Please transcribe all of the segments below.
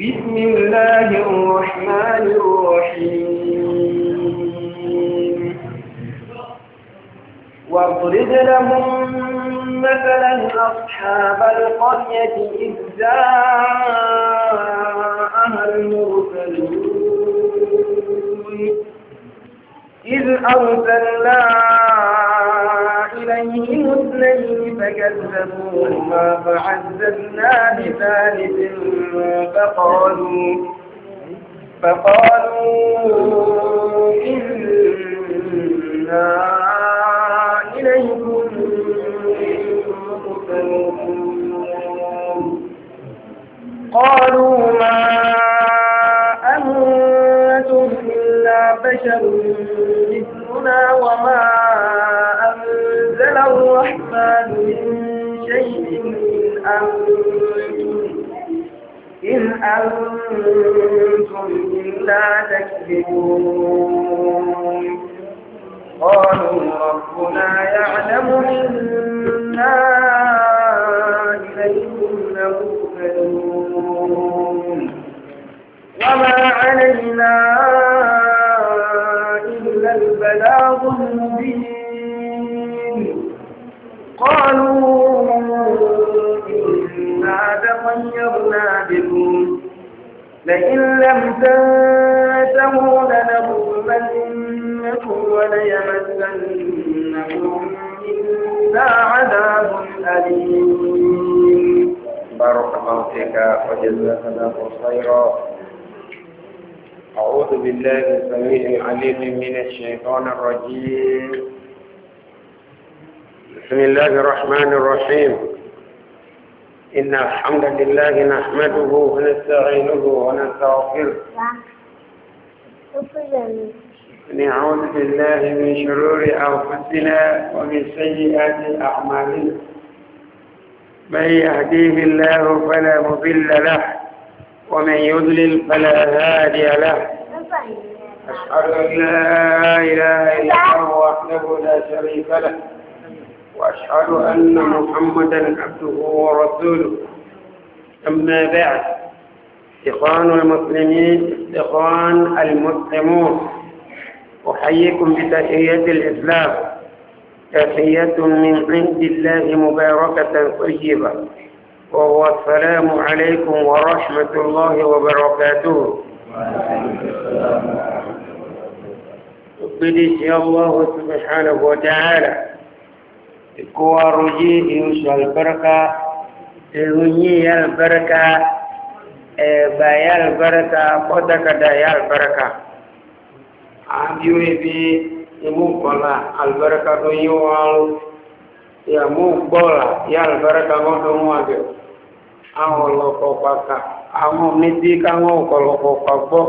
بسم الله الرحمن الرحيم واضرب لهم مثلا أصحاب القرية إذ جاءها المرسلون إذ أرسلنا فكذبوهما فعززنا بثالث فقالوا فقالوا إنا إليكم مرسلون قالوا ما أنتم إلا بشر مثلنا وما من شيء إن أنتم إن أنتم إلا تكذبون قالوا ربنا يعلم إنا إليكم لمرسلون وما علينا إلا البلاغ المبين قالوا إنا تطيرنا بكم لئن لم تنتهوا لنظلمنكم وليمسنكم منا عذاب أليم بارك الله فيك وجزاك الله خيرا أعوذ بالله السميع العليم من الشيطان الرجيم بسم الله الرحمن الرحيم إن الحمد لله نحمده ونستعينه ونستغفره نعوذ بالله من شرور أنفسنا ومن سيئات أعمالنا من يهديه الله فلا مضل له ومن يضلل فلا هادي له أشهد أن لا إله إلا الله وحده لا شريك له وأشهد أن محمدا عبده ورسوله أما بعد إخوان المسلمين إخوان المسلمون أحييكم بتحية الإسلام تحية من عند الله مباركة طيبة وهو السلام عليكم ورحمة الله وبركاته بإذن الله سبحانه وتعالى kowa roje in su albarka ilunyi ya albarka ba ya albarka kodakada ya albarka a biyu ebe imu kola albarka don yi waru ya mu gbola ya albarka gọdun wage àwọn ọlọpọ pàkà àwọn méjì káwọn ọkọlọpọ pàgbọ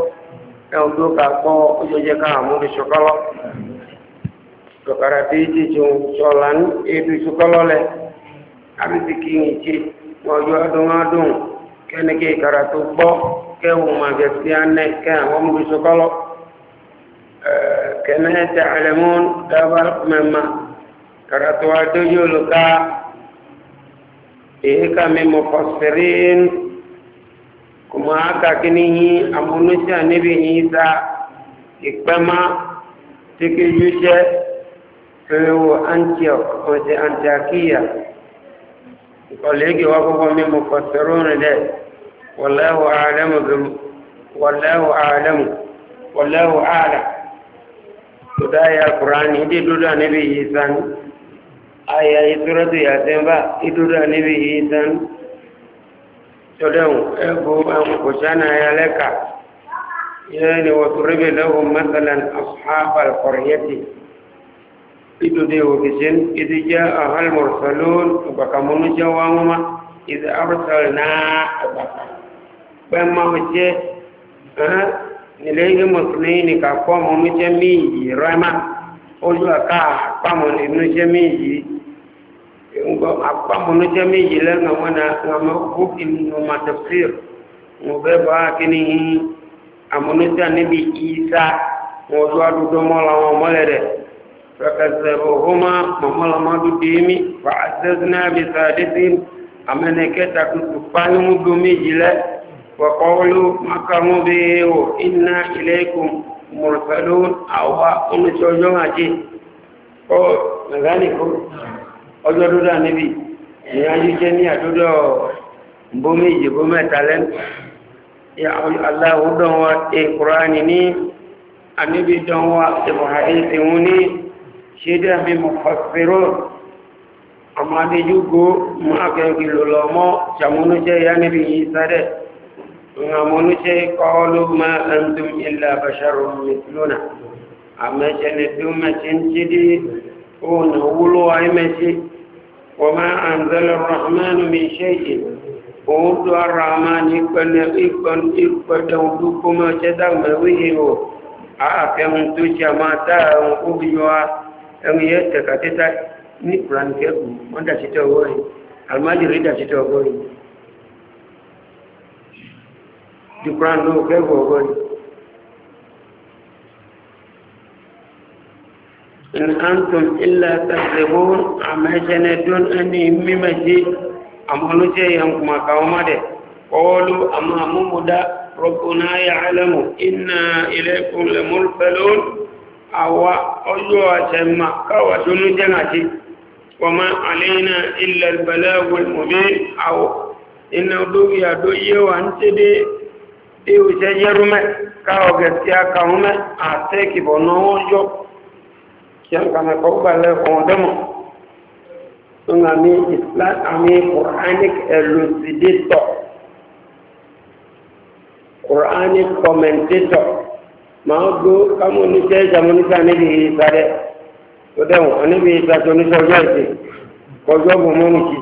ẹ̀ọ́dọ́ kàpọ̀ ojújẹ káàmú ìṣọ́kọ́lọ́ sọ̀kàrà tí jualan itu suka ní ebi ìṣùkọ́lọ́lẹ̀ àbísìkì ìjì ọjọ́ adúnádùn kẹ́nìkẹ́ ìkàrà tó gbọ́ kẹ́wù màgẹ̀sí anẹ́ kẹ́ àwọn ọmọ ìṣùkọ́lọ́ kẹ́nẹ́ tẹ àlẹ́mún dábà mẹ́ma kàrà tó adójú olùkà èyí ká mi mọ̀ fọ́sẹ̀rín kùmọ̀ ákàkíní yín àmúnúṣà níbi yín sá ìpẹ́má tí kì í lówó antioch kòtè antakiya ìkọ̀lẹ́gì wá kọ́kọ́ mímọ̀ kọ̀sẹ̀rún rẹ̀ wọ̀láwọ̀ àádẹ́mù bímú wọ̀láwọ̀ àádẹ́mù wọ̀láwọ̀ àádà tó dáyà kùránì ìdí dúdà níbi yìí sánú àyà ìtúrọ́tù yàtẹ́mbà ìdúdà níbi yìí sánú tọ́dẹ̀wò ẹgbọ́ àwọn kòsánà ayalẹ́ka yẹ́nì wọ̀túrẹ́bẹ̀ lọ́wọ́ إذ وكسن إذ جاءها المرسلون بكمون جواهما إذ أرسلنا بما وجه أه إليهم اثنين كقوم جميع رما ojú àká àpamọ̀ nínú iṣẹ́ méjì àpamọ̀ nínú iṣẹ́ méjì lẹ́nu ọmọ náà ọmọ bókì nínú matafsir mo bẹ́ bá kíní àmọ́núṣà níbi فكذبوهما مملا مادو ديمي فعززنا بثالث أمنا كتاكو تفاهم دومي جلا وقولوا مكرمو بيه إنا إليكم مرسلون أو أم سوجون أجي أو مغانيكو أجو دودا نبي نياجي جنيا دودو بومي جبو متالن يا الله ودون وات القرآن ني أنبي دون وات الحديث ني ṣédé mi mọ̀ fẹ́rọ ọmọ adéjúgbó mú akẹ́kì lọ́lọ́ mọ́ ṣàmúnúṣẹ́ yá níbi yìí sáré ìhàmúnúṣẹ́ kọ́ọ́lù ma ń dùn ilẹ̀ àbáṣàrò mìtìlónà àmẹ́ṣẹ́lẹ̀ tó mẹ́ṣẹ́ ń ṣédé rahman mi ṣe yìí òun tó ara máa ní pẹ̀lẹ́ ìpẹ̀lẹ́ ọdún kó máa ṣẹ́dá mẹ́wéyìí o ẹ̀mí yẹ tẹ̀ka tẹ́ta ní kuran kẹ́kù wọ́n dà sí tẹ́ rẹ̀ alimajiri dà sí rẹ̀ di kuran náà kẹ́kù ọwọ́ rẹ̀. in antum illa tasribun amẹ́sẹ̀nẹ́ dún ẹni mímẹ́sí àmọ́lúṣẹ́ yẹn kùmà káwọn má dẹ̀ kọ́ọ́lù àmọ́ àmúmúdá rọ̀bùnà ya'lamu inna ilaykum lamursalun àwa ọjọ́ àṣẹmà káwà tó ní jẹ́ àti wọ́mọ́ àlẹ́yìnà ilẹ̀ ìbẹ̀lẹ́gùn mọ̀bí àwọ̀ iná lórí àdó yíwa ń tẹ́ dé ìwòṣẹ́ yẹ́rúmẹ́ káwà gẹ̀ẹ́sì akàrúnmẹ́ àtẹ́kìbọ̀ náà wọ́n yọ kí a kàmẹ́ kọ́ gbalẹ̀ elucidator quranic commentator màá gbó kámú oníṣẹ́ ìṣàmúníṣà níbi ìta rẹ̀ tó dẹ̀wọ̀n níbi ìta oníṣẹ́ ọjọ́ ìṣe kọjú ọ̀bùn mọ́mù sí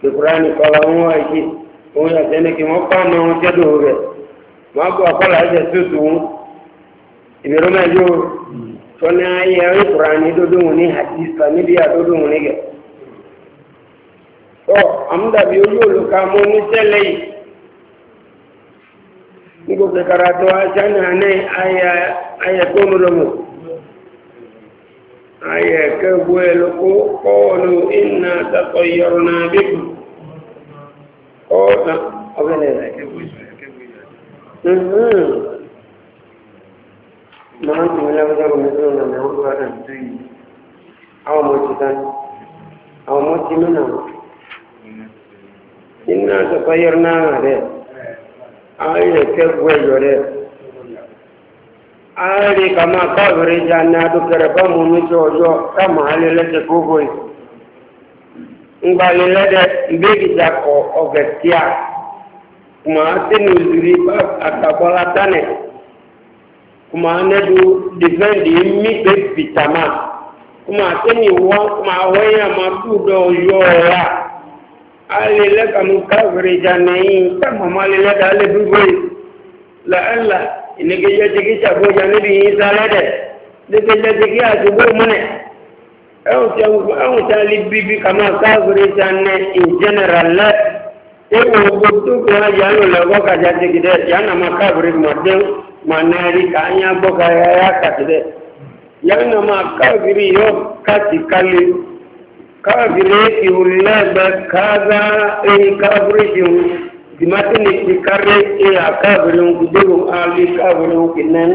tòkúrá nìkan lọ wọ́n wá ìṣe òun yàtẹ̀ ní kí wọ́n pàánù ohun tẹ́dọ̀ rẹ̀ akọ́là ẹ̀jẹ̀ tó ìbẹ̀rù máa tọ́ni ayé ní wọn ní níbi wọn nígẹ̀. àmúdàbí òlùkà mọ́ oníṣẹ́ lẹ́yìn niko karatu achana naye aya aya komolomo aya kebwelo ko qalu oh, inna tatayyarna bikum qala ogene mhm maana tunaweza kumezona na huko hata mtini au mtani au mtini na inna tatayyarna bikum ayé kẹ́kọ̀ọ́ ẹ̀yọ̀ rẹ̀ ayé kàmá káàbìrì jà ní a bá mú mi tó ọjọ́ káàmà alẹ́ gbogbo yìí ńgbalẹ̀ lẹ́dẹ̀ ìbéèkì jà kọ ọ̀gẹ̀ tíà kùmà sínú ìrírí àtàbọ̀lá tánẹ̀ kùmà nẹ́dù dìfẹ́ǹdì mí pé bìtàmà kùmà ìwọ́ kùmà alele kanu kafiri janayi ta mama lele da ale bibiri la ala inege jajigi sabo jani bi yin sale de dege jajigi asubu mune ẹwọn tí àwọn tí a lè bíbí kama káfíìrì sanni in general lẹ ewu gbogbo kò wá yanu lẹwọ kàjá jigi dẹ yanu ma káfíìrì ma dẹn ma nẹẹri kà á nyà gbọ kà yà yà kàti dẹ yanu ma káfíìrì yọ kàti kálí. kabireti ulaba kaza eni kabireti dimatini ti kare e a kabirin gudurun ali kabirin kinan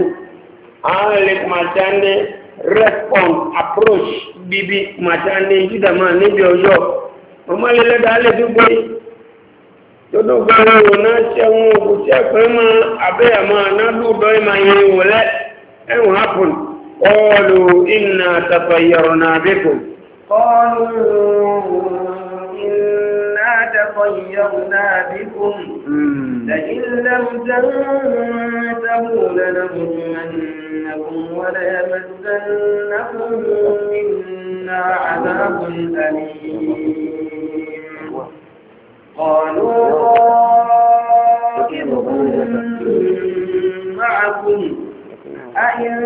ali matande respond approach bibi matande jida ma ni bi ojo o ma le da le du todo wo na se won o se pe ma ma na du do ma wo قالوا إنا تطيرنا بكم لئن لم تنتهوا لنرجمنكم وليمسنكم منا عذاب أليم قالوا رائبهم معكم أئن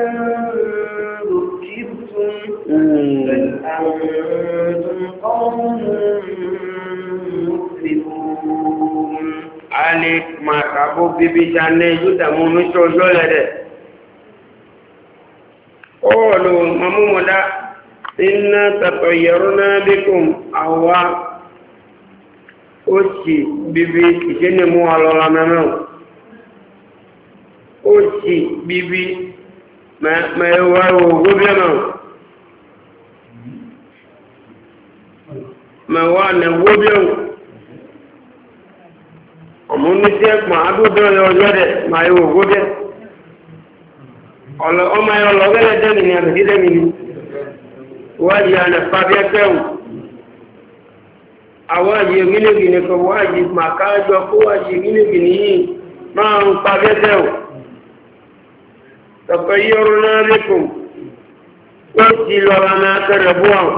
àbó bíbí jáde yúdàmú mítò yọ́lẹ̀ rẹ̀ ọ̀ọ̀lù mamúmọ̀dá iná tàtọ̀ yẹ̀rọ náà bíkùn àwọ́ ó sì bíbí ìjẹ́nìmú alọ́la mẹ́mẹ́ ó sì bíbí mẹ́wàá ògùn bí ẹ̀mẹ́ mẹ́wàá nẹ̀wó bí ẹ̀wọ̀ ọmọ oníṣẹ́ ẹ̀pọ̀n adúdọ́rẹ̀ ọlọ́dẹ̀ máa yóò owó dẹ̀ ọmọ ẹ̀ ọlọ́gẹ́lẹ̀ dẹ́mi ni àbẹ̀dí dẹ́mi ni wáyé ànàfà bí ẹgbẹ́ wò àwáyé mílíọ̀nù nìkan wáyé màkájọ kó wáyé mílíọ̀nù yìí máa ń pa bí ẹgbẹ́ wò tọ̀pẹ́ yọrọ náà lẹ́kùn ó ti lọ́ra náà kẹrẹ̀ bú àwọn.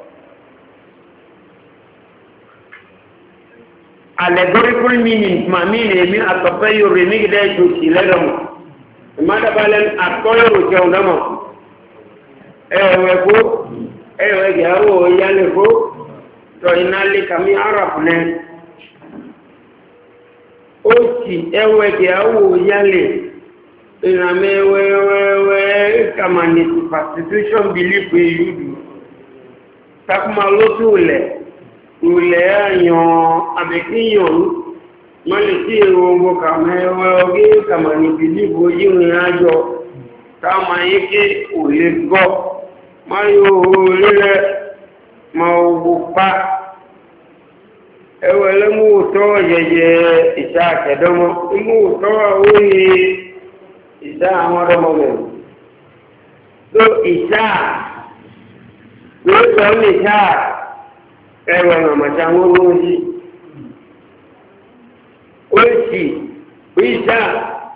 allegorical meaning ma mine mi akapayo remi de to silegamo mada balen akoyo jeunamo ewe ko ewe garo yale ko to inali kami arab ne o ti ewe garo yale iname wewewe kama ni constitution belief e yudu takuma lotu le ìwìlẹ̀ ẹ̀yàn àbẹ̀kíyàn mọ́lẹ̀ tí èrò ogun kàmẹ́wẹ́ ọgé kàmàní bìlìbò yíwìn ájọ káàmà yí kí ò lè gọ́ máa yóò rírẹ̀ ma ogun pa ẹwẹ́ lẹ́múwòtọ́ yẹyẹ ìṣà àkẹ́dọ́mọ́ ìmúwòtọ́ òye ìṣà àwọn ọdọ́mọ́gbẹ̀ tó ìṣà lóòtọ́ ní ìṣà ẹwẹ màmàtà ńlọrọ yìí oṣì ìṣà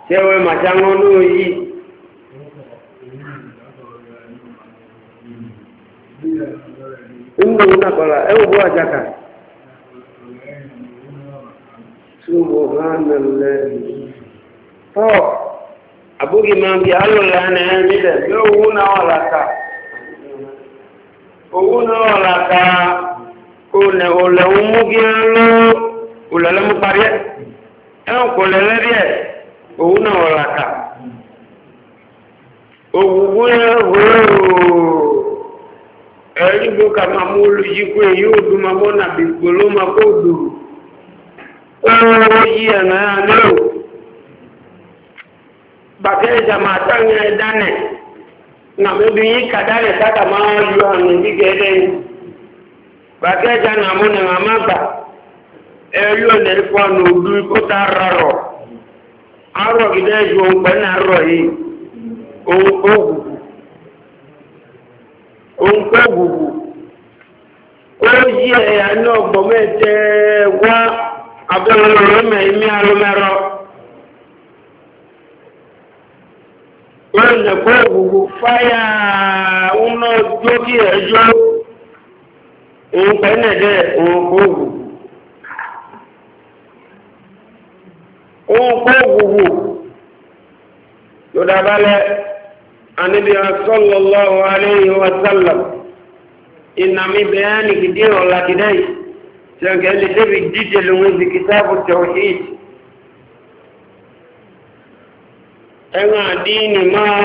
ṣẹwẹ màtà ńlọrọ yìí. Nínú nàkọ̀lá ẹ wò bó àjàkà. Túbọ̀ hánà lẹ́yìn. Tọ́ àbúrò máa ń bí alòlá ní ẹ̀ nílẹ̀ yóò wú náà ọ̀làkà. Owó náà ọ̀làkà one ole umu gi lo ole le mu pari e o ko le le rie o una ola ka o wu o wo eri bo ka ma mu lu yi ko e o du ma mo na bi gbolo ma ko du o yi e na ya lo bàtẹ́ jama táwọn ẹ̀dá nẹ̀ nàmẹ́bí yí kàdá rẹ̀ sáta máa yọ àmì gígẹ́ lẹ́yìn bàkẹ́jà nà mú nà má gbà ẹ̀yọ́ nà ẹ̀fọ́ nà òdu kó tá rọrọ̀ arọ̀ gidẹ́ ju òun pẹ́ nà rọ̀ yìí òun kó gbùgbù òun kó gbùgbù ó yí ẹ̀yà náà gbọ̀mẹ́tẹ́ wá abẹ́rẹ́ rẹ̀ mẹ́ẹ̀mí alómẹ́rọ. wọ́n lè kó gbùgbù fáyà ń lọ jókè ẹjọ́. òǹkọ ẹ̀ nẹ̀dẹ̀ òǹkọ òwù òǹkọ òwùwù yọ̀dà balẹ̀ wa sálọ̀ ìnàmì bẹ́ẹ̀ kìdí ọ̀la yìí lè débi díje kìtàbù máa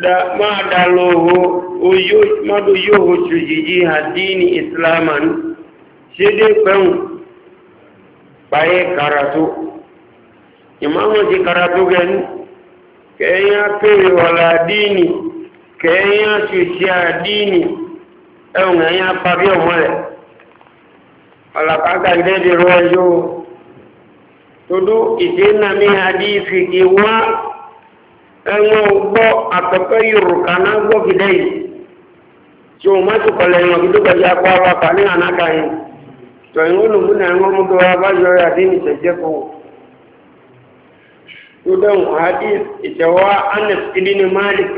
da ma da loho yóò mado yoho chujiji hadini islaman shede pen baye karatu imamu ji karatu gẹnu kenya pe wala dini kenya chuchia dini ewu nga ya pabi omole wala kaka ndedi rojo todo isena mi ẹ̀wọ̀n gbọ́ àpẹ̀pẹ́ yorùbá náà gbọ́ fìdẹ́ yìí tí o má tukọ̀ lẹ́yìn ọ̀gbìn tó kọjá kó ara pa ní ànáka yìí tọ̀yìn ó lùmú náà wọ́n mú kí wọ́n bá yọ adé ní ìṣẹ̀jẹ̀ kó o. tó dẹ́hùn àdí ìṣẹ̀wá anas ibini malik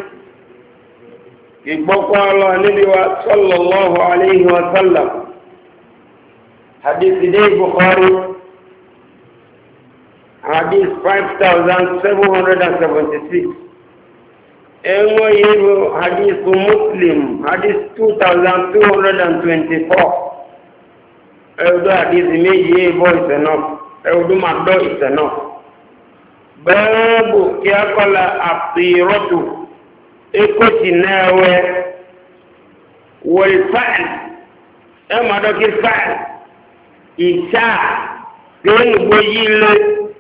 ìgbọ́kọ́ ọlọ́ hadith 5776 ẹ̀wọ́ yẹ́rọ hadith muslim hadith 2224 ẹ̀wọ́dọ́ hadith méjì ẹ̀bọ́ ìsẹ̀nà ẹ̀wọ́dọ́ máa dọ́ ìsẹ̀nà bẹ́ẹ̀bù kí a kọ́la àpìrọ́tù ẹkọ́tì náà wẹ́ wọ̀lfáàlì ẹ̀mọ́dọ́kí fáàlì ìṣáà kí ó nùgbó yí lé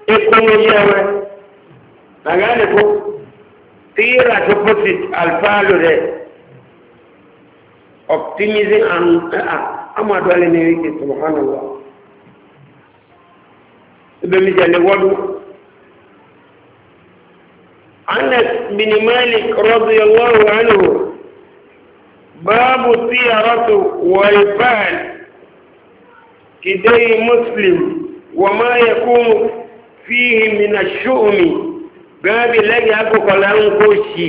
ikon yawa a gane ko tira ta putit alfalu da optimizing an a amma dole ne yake subhanallah ibe mi jale wadu anas bin malik radiyallahu anhu babu tiyaratu wal fal kidai muslim وما يكون fihi mina ṣóòmì bẹ́ẹ̀ bí lẹ́yìn akókòlá ń kó sí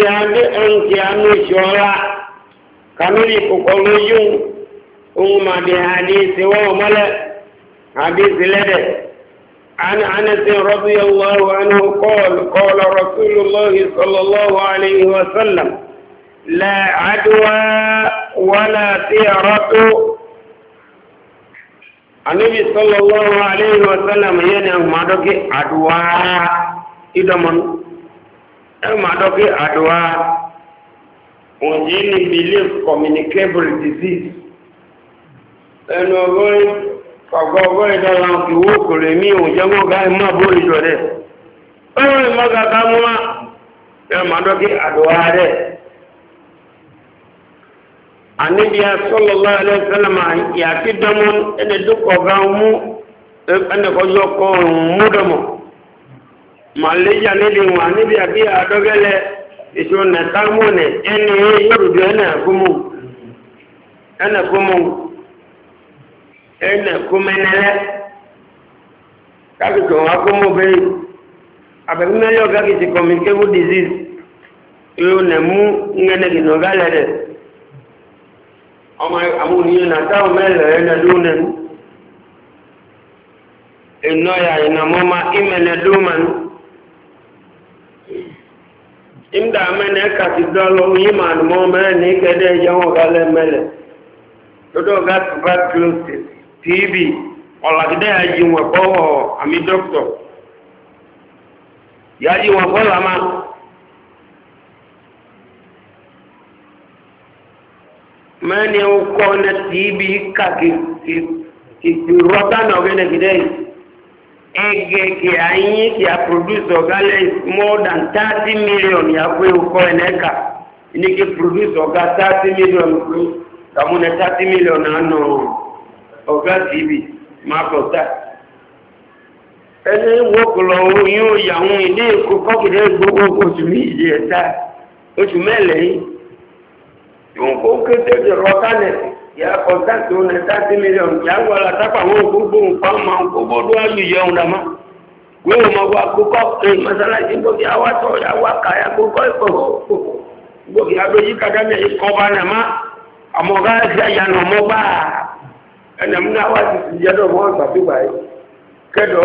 ìhàdé ẹnkì àánú ìṣọ́ra kàmílì kòkòrò yóò ohun màdì àdìsí wọ́n mọ́lẹ̀ àdìsí lẹ́dẹ̀ عن أنس رضي الله عنه قال قال رسول الله صلى الله عليه وسلم لا عدوى ولا سيرة anabi sallallahu alayhi wa sallam yẹni ahmadoke aduwa idomanu ahmadoke aduwa wọ́n yé ni communicable disease Eno goi kọ̀gọ́ ọgọ́rin dọ́là ìwó kòrè mí òun jẹ́ mọ́ gáì má bó ìjọ rẹ̀ ọ̀rọ̀ ìmọ̀gàgà mọ́ ẹ̀ máa dọ́kí àdúrà anibiya sɔlɔlɔ ale sɛlɛma dɔmɔ ɛnɛ mu ɛnɛ kɔjɔ mu dɔmɔ maleja ne ŋun bi a dɔgɛ lɛ isu nɛ tamu ɛnɛ yɔrudu ɛnɛ kumu ɛnɛ kumu ɛnɛ kumu ɛnɛ lɛ kaki tɔn akumu bɛ abɛbi yɔ kɔmi disease ŋɛnɛ galɛ dɛ. ọmọ àwọn oníyàn nàtàwọn mẹ́lẹ̀ ẹ̀nà lónìí iná ya iná mọ́má ìmẹ̀lẹ̀ lómanu ìmdà mẹ́lẹ̀ kàti dọ́lọ yíma mọ́ mẹ́lẹ̀ ní kẹ́dẹ́ mẹ́lẹ̀ wọn wọn mẹ́ni ọkọ̀ ọ̀nà tí ibi kàkìkì rọ́tánà ọ̀gẹ́nẹ̀ kìdẹ́ ẹgẹ̀kẹ̀ ayé kì a produce ọ̀gá more than thirty million yàgbé ọkọ̀ ẹ̀nà ẹ̀ka produce ọ̀gá thirty million kú kàmúnẹ̀ thirty million ibi máa gbogbo nǹkan ó kéde ìrọ̀ kálẹ̀ yà kọ̀ǹtàkì ó nẹ tàbí mílíọ̀nù yà ń wàlà tápà wọn ọmọ yẹun ma wá kókó ẹ masalasi gbòkè awa tọ ya wá ká ya kókó ẹ kókó gbòkè abé kàdá mi àmọ̀gá gbàdúgbà yìí kẹ́dọ̀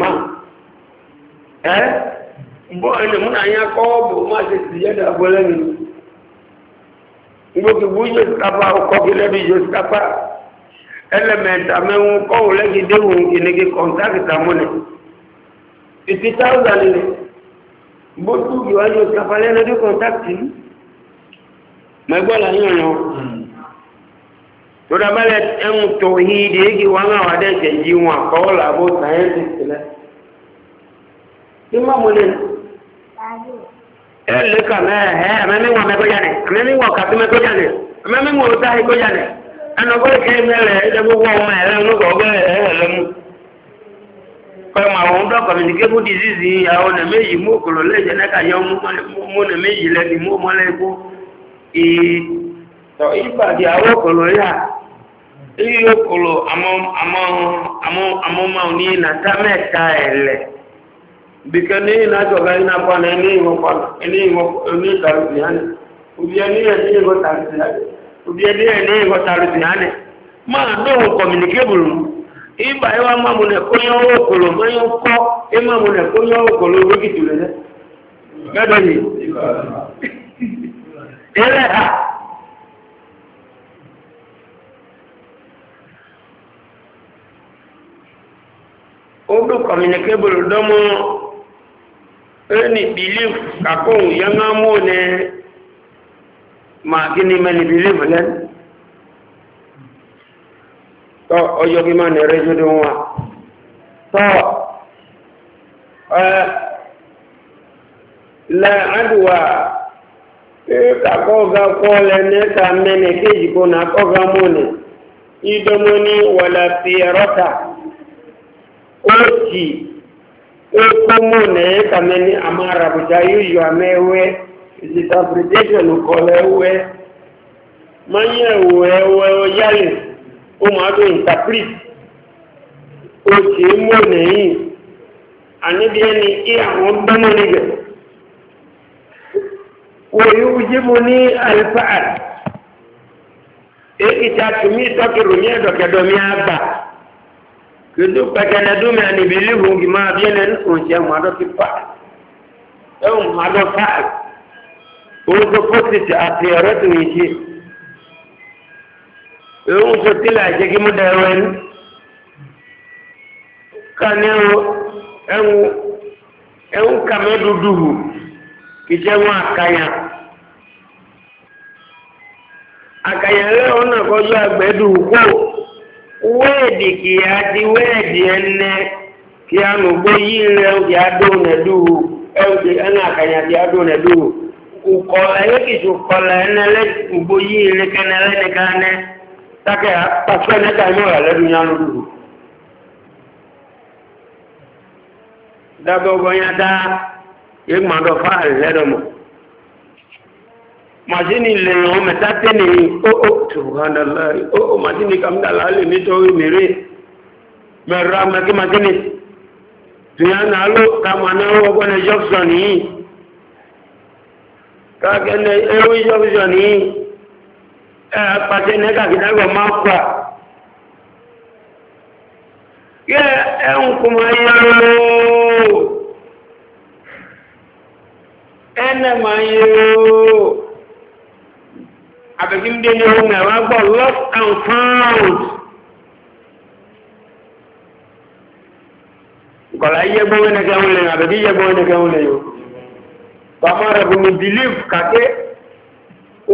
bọ̀ ẹ́ bọ́ ẹni mú náà yá kọ́ bò má ṣe sì yẹ́dà abọ́lẹ́ mi gbogbo ìwú yóò sábà ọkọ̀ gílẹ̀ bí yóò sábà ẹlẹ́mẹ̀ntà mẹ́wọ́n kọ́ wò lẹ́gì déhùn kìnnìkì kọ̀ǹtàkìtà mọ́nẹ̀ fifty thousand ni bótú yóò yóò sábà lẹ́nu kọ̀ǹtàkìtì mẹ́gbọ́n là ń yàn yàn tó ìdí wọn àwọn yí wọn àkọ́wọ́ làbó sáyẹ́ǹtì sílẹ̀. ima mole ele ka me he me mi wo me ko jane me mi wo ka me ko mi ko ko ke me le mu ma disease ya ọ ne mu okolo le na ka yo mu mo ne meyi le ni mu mo ko e to ipa di awo ko ya ma na ta bi ka ne na to ga ina pa ne ni mo pa ni mo ni ta ru ti hane u bi ani e ni go ta ru ti hane u bi ani e ni go ta ru ti hane ma do communicable i ba e wa ma mu ne ko yo wo ko lo ma yo ko e ma mu ne ko yo wo ko lo bi ki ti le ne ga do ni ere ha Odo communicable domo ẹni bìlíf kakóhùn yẹn á mú ní màá kí ni mẹni bìlíf lẹ́n tọ́ ọjọ́ kí máa nẹ̀rẹ́ jódó wọn tọ́ ẹ lẹ́ àdùwà kakọ́ ga kọ́ lẹ́ nẹ́ta mẹ́ni kéjì kó nà kọ́ ga mú ní ìdọ́mọ́ ní wàlàfíẹ́rọ́ta ó tì ekomo ne kameni amara bujayu yo amewe interpretation ukole we manye we we yale o ma do interpret o ti mo ne yi ani bi ni i awon bemo ni ge wa yujibuni alfa'al e ita tumi to ki runye do mi aba kìlú pẹ̀kẹ́nẹ́ dúnmí àni ìbílí ìhùn kì máa bí ẹni oúnjẹ màdọ́ ti fà ẹ̀hùn màdọ́ fà orúkọ pọ́sìtì àti ọ̀rẹ́ tó yìí ṣe tó tílà ṣe kí mú kàní kàmẹ́ dúdú hù àkàyà àkàyà ọ̀nà kọjú kú. wẹ́ẹ̀dì kì kí a nù gbé yí àkànyà ti adónẹ̀dúhù ùkọ̀lẹ̀ yẹ́kìtì kọ̀lẹ̀ ẹnẹ́lẹ́ gbó yí rẹ̀ kẹ́nẹ́lẹ́ nìkanẹ́ tákẹ́ pàṣẹ nẹ́ta inú rẹ̀ lẹ́dùn yánu dùhù. dábọ̀ bọ́nyá dá yé gbọ́dọ̀ fáàlì lẹ́dọ̀ mọ́. màṣíìnì lè ràn mẹ́ta tẹ́lẹ̀ ní ó ó tùrùkàndàlá ó ó màṣíìnì kàmdàlá lè nítorí mèrè mẹ́ra mẹ́kí màṣíìnì tùyànà ló kàmàná ọgbọ́n jọ́sọ̀ nìyí kàkẹ́lẹ̀ ẹ̀rọ jọ́sọ̀ nìyí ẹ̀ pàṣẹ ní kàkìdágbọ̀ máa kọ́ yẹ ẹ̀hún kùmọ̀ yẹ̀rọ ẹ̀nẹ̀ máa yẹ̀rọ àbẹ̀kíndé ni ohun ẹ̀wà gbọ́ lost and found kọ̀lá yẹ gbọ́ wẹ́nẹ̀kẹ́ ń lẹ́yìn àbẹ̀kí yẹ gbọ́ wẹ́nẹ̀kẹ́ ń lẹ́yìn pàmò rẹ̀ fún mi believe kàké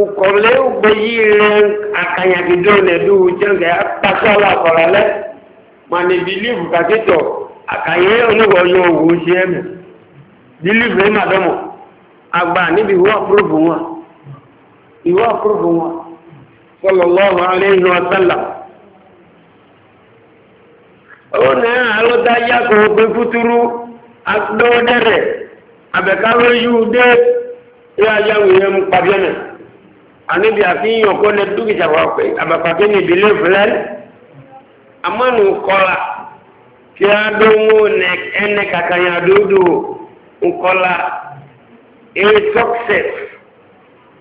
ukọ̀lẹ́ ògbé yìí rẹ̀ àkànyàkìdó nẹ̀dú jẹ́ǹkẹ́ pàṣọ́lá kọ̀lá lẹ́ mà ní believe kàké tọ̀ àkànyẹ oníwọ̀ yọ òwò ṣe ẹ̀mù believe rẹ̀ màdọ́mọ̀ àgbà níbi wọ́n approve wọn ìwọ àkúrò wọn sallallahu alayhi wa sallam ó ní àlọ́dá yàtọ̀ pé fúturú adọ́dẹ́rẹ̀ àbẹ̀káwé yóò dé ìyá yàwó yẹn mú pàdánù àníbi àfihàn kọ́ lẹ dúkìtà wà pé àbàpàdé níbi lè fúlẹ́ amánu kọ́la kí adóhùn ẹnẹ kàkànyà dúdú nkọ́la a success.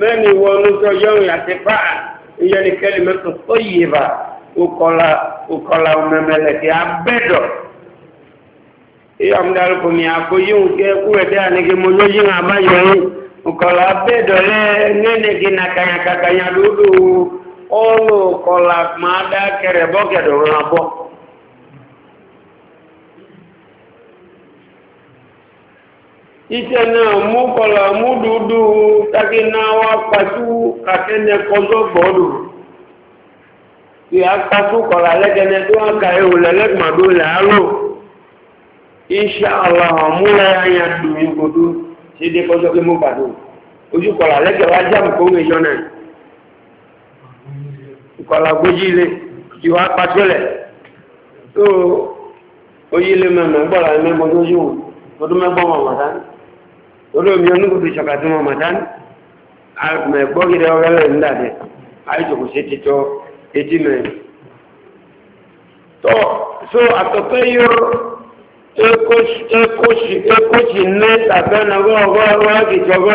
mẹ́ni wọnú tọ́jọ́ ìyàtí pàà ìyẹn kẹ́lì mẹ́tò tó yìíbà ukọ́la ukọ́la mẹ́mẹ́lẹ̀ kí a bẹ́dọ̀ ìyọ̀mdàlù kò ní àkó yíwù kí ẹkú ẹ̀dẹ́ àníkí mo ló yíwù àbáyọ yìí ukọ́la bẹ́dọ̀ iṣẹ́ náà mú kọlọ̀ mú dúdú tàbí náà wá pàtú kàkẹ́nẹ kọjọ́ gbọ́dù kí a pàtú kọlọ̀ lẹ́gẹ́nẹ tó wá ka ẹ̀hùn lẹ́lẹ́gbàdó làálò iṣẹ́ aláhàn múlẹ̀ ayà tùmí kodú ṣe dé kọjọ́ pé mú pàtó ojú kọlọ̀ lẹ́gẹ́ wá jáàmù kó ń yọ náà kọlọ̀ gbójú ilé tí wá pàtó lẹ̀ tó oyílé mẹ́mẹ́ gbọ́dọ̀ mẹ́mọ́ mẹ́gbọ́n mọ̀ mọ̀ olóòmí onígbò fi ṣọ̀kà tí wọ́n mọ̀ dání àmọ̀ ẹ̀gbọ́ gidi ọ̀rẹ́lẹ̀ ńlá àìjòkó ṣe ti tọ́ etí so àtọ̀pẹ́ yóò ekóṣì ní tàbẹ́ na gbọ́ọ̀gbọ́ọ̀rọ̀ ìjọba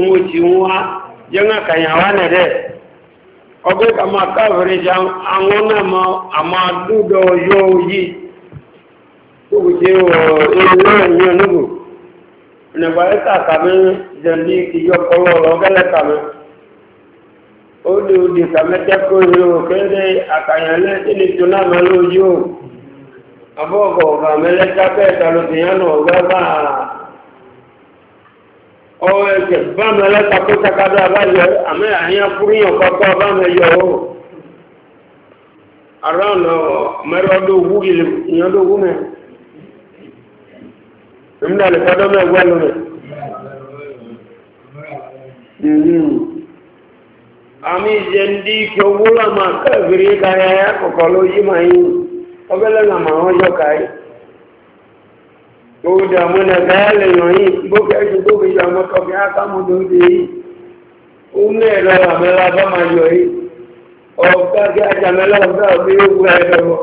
ìwọ̀n tí wọ́n jẹ́ ọgbẹ́ máa àwọn náà tó kù sí ẹ̀rọ ẹ̀yìn nẹ̀gbà ẹ́ta kàmí jẹ̀mí ìyọ kọlọ ọ̀gẹ́lẹ̀ kàmí ó lè òdì kàmí tẹ́kọ̀ọ́ yìí ó kéde àkàyàn lẹ́sìn ní tó náà máa ló yí ó abọ́ọ̀gọ̀ ọ̀gá mẹ́lẹ́ta kẹta ló ti yánà ọ̀gá bá ọ ẹ̀kẹ́ bá mẹ́lẹ́ta kó takadá nígbà nìkan tó bẹ̀ gbọ́ lórí. Àmì ìjẹ̀ndí kí owó làmà káàkiri káyà yá kọ̀kọ́ ló yí máa yín. Ọbẹ̀ lẹ́nu àmà wọn jọ káyé. Ó dààmú nà káyà lè yàn yín. Gbókè ẹ̀sùn tó fi yàmọ́ kọ̀kẹ́ ákámọ́dé ó dé yìí. Ó ní ẹ̀rọ àmẹ́lá bá máa yọ yìí. Ọ̀gá kí ajàmẹ́lá ọ̀gá ọ̀gbẹ́ yóò gbé ẹ̀rọ.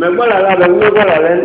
Mẹ̀gbọ́n làlá bẹ̀ ń gbé gbọ́n làlẹ́ ni.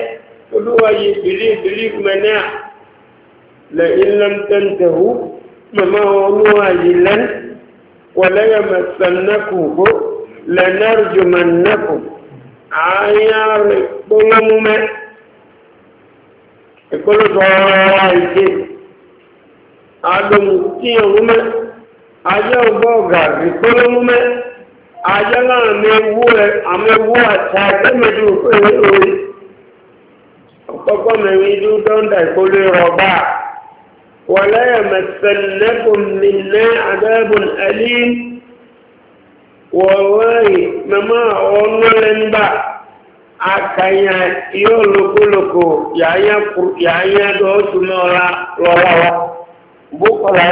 olúwa yìí believe believe mẹ́nà lẹ́yìn lẹ́mtẹ́ntẹ̀hù màmá olúwa yìí lẹ́n wọ̀lẹ́yà mẹ́sànnẹ́kùnkù lẹ́nẹ́rùjùmọ̀nẹ́kù ààyàrì kpọ́nmọ́mẹ́ ìkọlọ́tọ̀ ọ̀rọ̀ ìdè àdùnnú tíyẹ̀wọ́mẹ́ ayé ọgbọ́ ọ̀gá ìkọlọ́mọ́mẹ́ ayé náà àmẹ́wọ́ àtàkẹ́mẹ́dù òkú ìwé òwe. kọ́kọ́ mẹ́rin ìlú dọ́ndà ìkólé rọ̀bà wàlẹ́ ẹ̀mẹ̀sẹ̀lẹ́kùn mi ná àdábùn ẹ̀lí wọ̀wọ́rì mẹ́mọ́ ọ̀nà lẹ́ńbà akanya yóò lókolòkò yàáyá dọ́ túnmọ́ ọ̀la lọ́wọ́ wa bókọ̀lá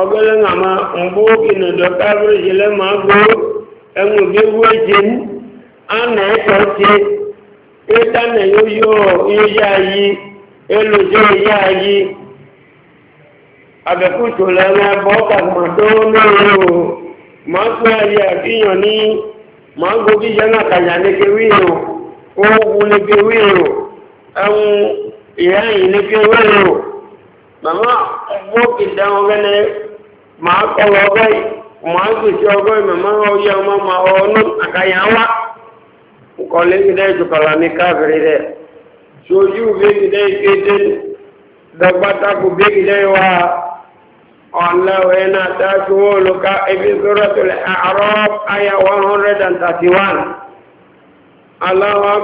ọgọ́lẹ́ ńà ma ń bó ìnàdọ̀ káfíríṣì lẹ́mọ̀ agbó ẹ̀mú bí ita jẹ ní àná ẹ̀tọ́ ṣe pétánà yóò yọ yíyá yí elòjọ́ yíyá yí abẹ́kùtù lẹ́nu ẹ̀bọ́ kàmọ́ tó lóore n'ụlọ ma pẹ́ ayé àfihàn ní máa gbógi jẹ́ náà kàyà o màmá mo kì í dẹ́wọ́n gẹ́lẹ́ màá kọ́ lọ ọgọ́ yìí ma kì í sí ọgọ́ yìí màmá ọyẹ ọmọ mà ọ̀nù àkàyà wá nkọ́ lẹ́yìn dẹ́ ìjọkọ̀lá ní káàkiri ọ̀nà wẹ́nà dájú sọ́rọ̀ tó àárọ̀ àyà aláwọ̀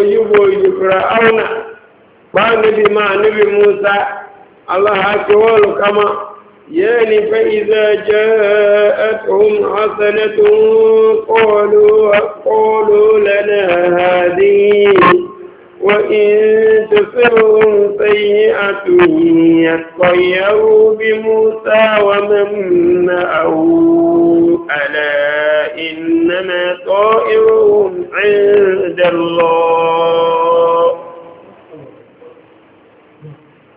ìdìkúra níbi máa níbi musa. الله حكوال كما يعني فإذا جاءتهم حسنة قالوا قالوا لنا هذه وإن تصرهم سيئة يطيروا بموسى ومن معه ألا إنما طائرهم عند الله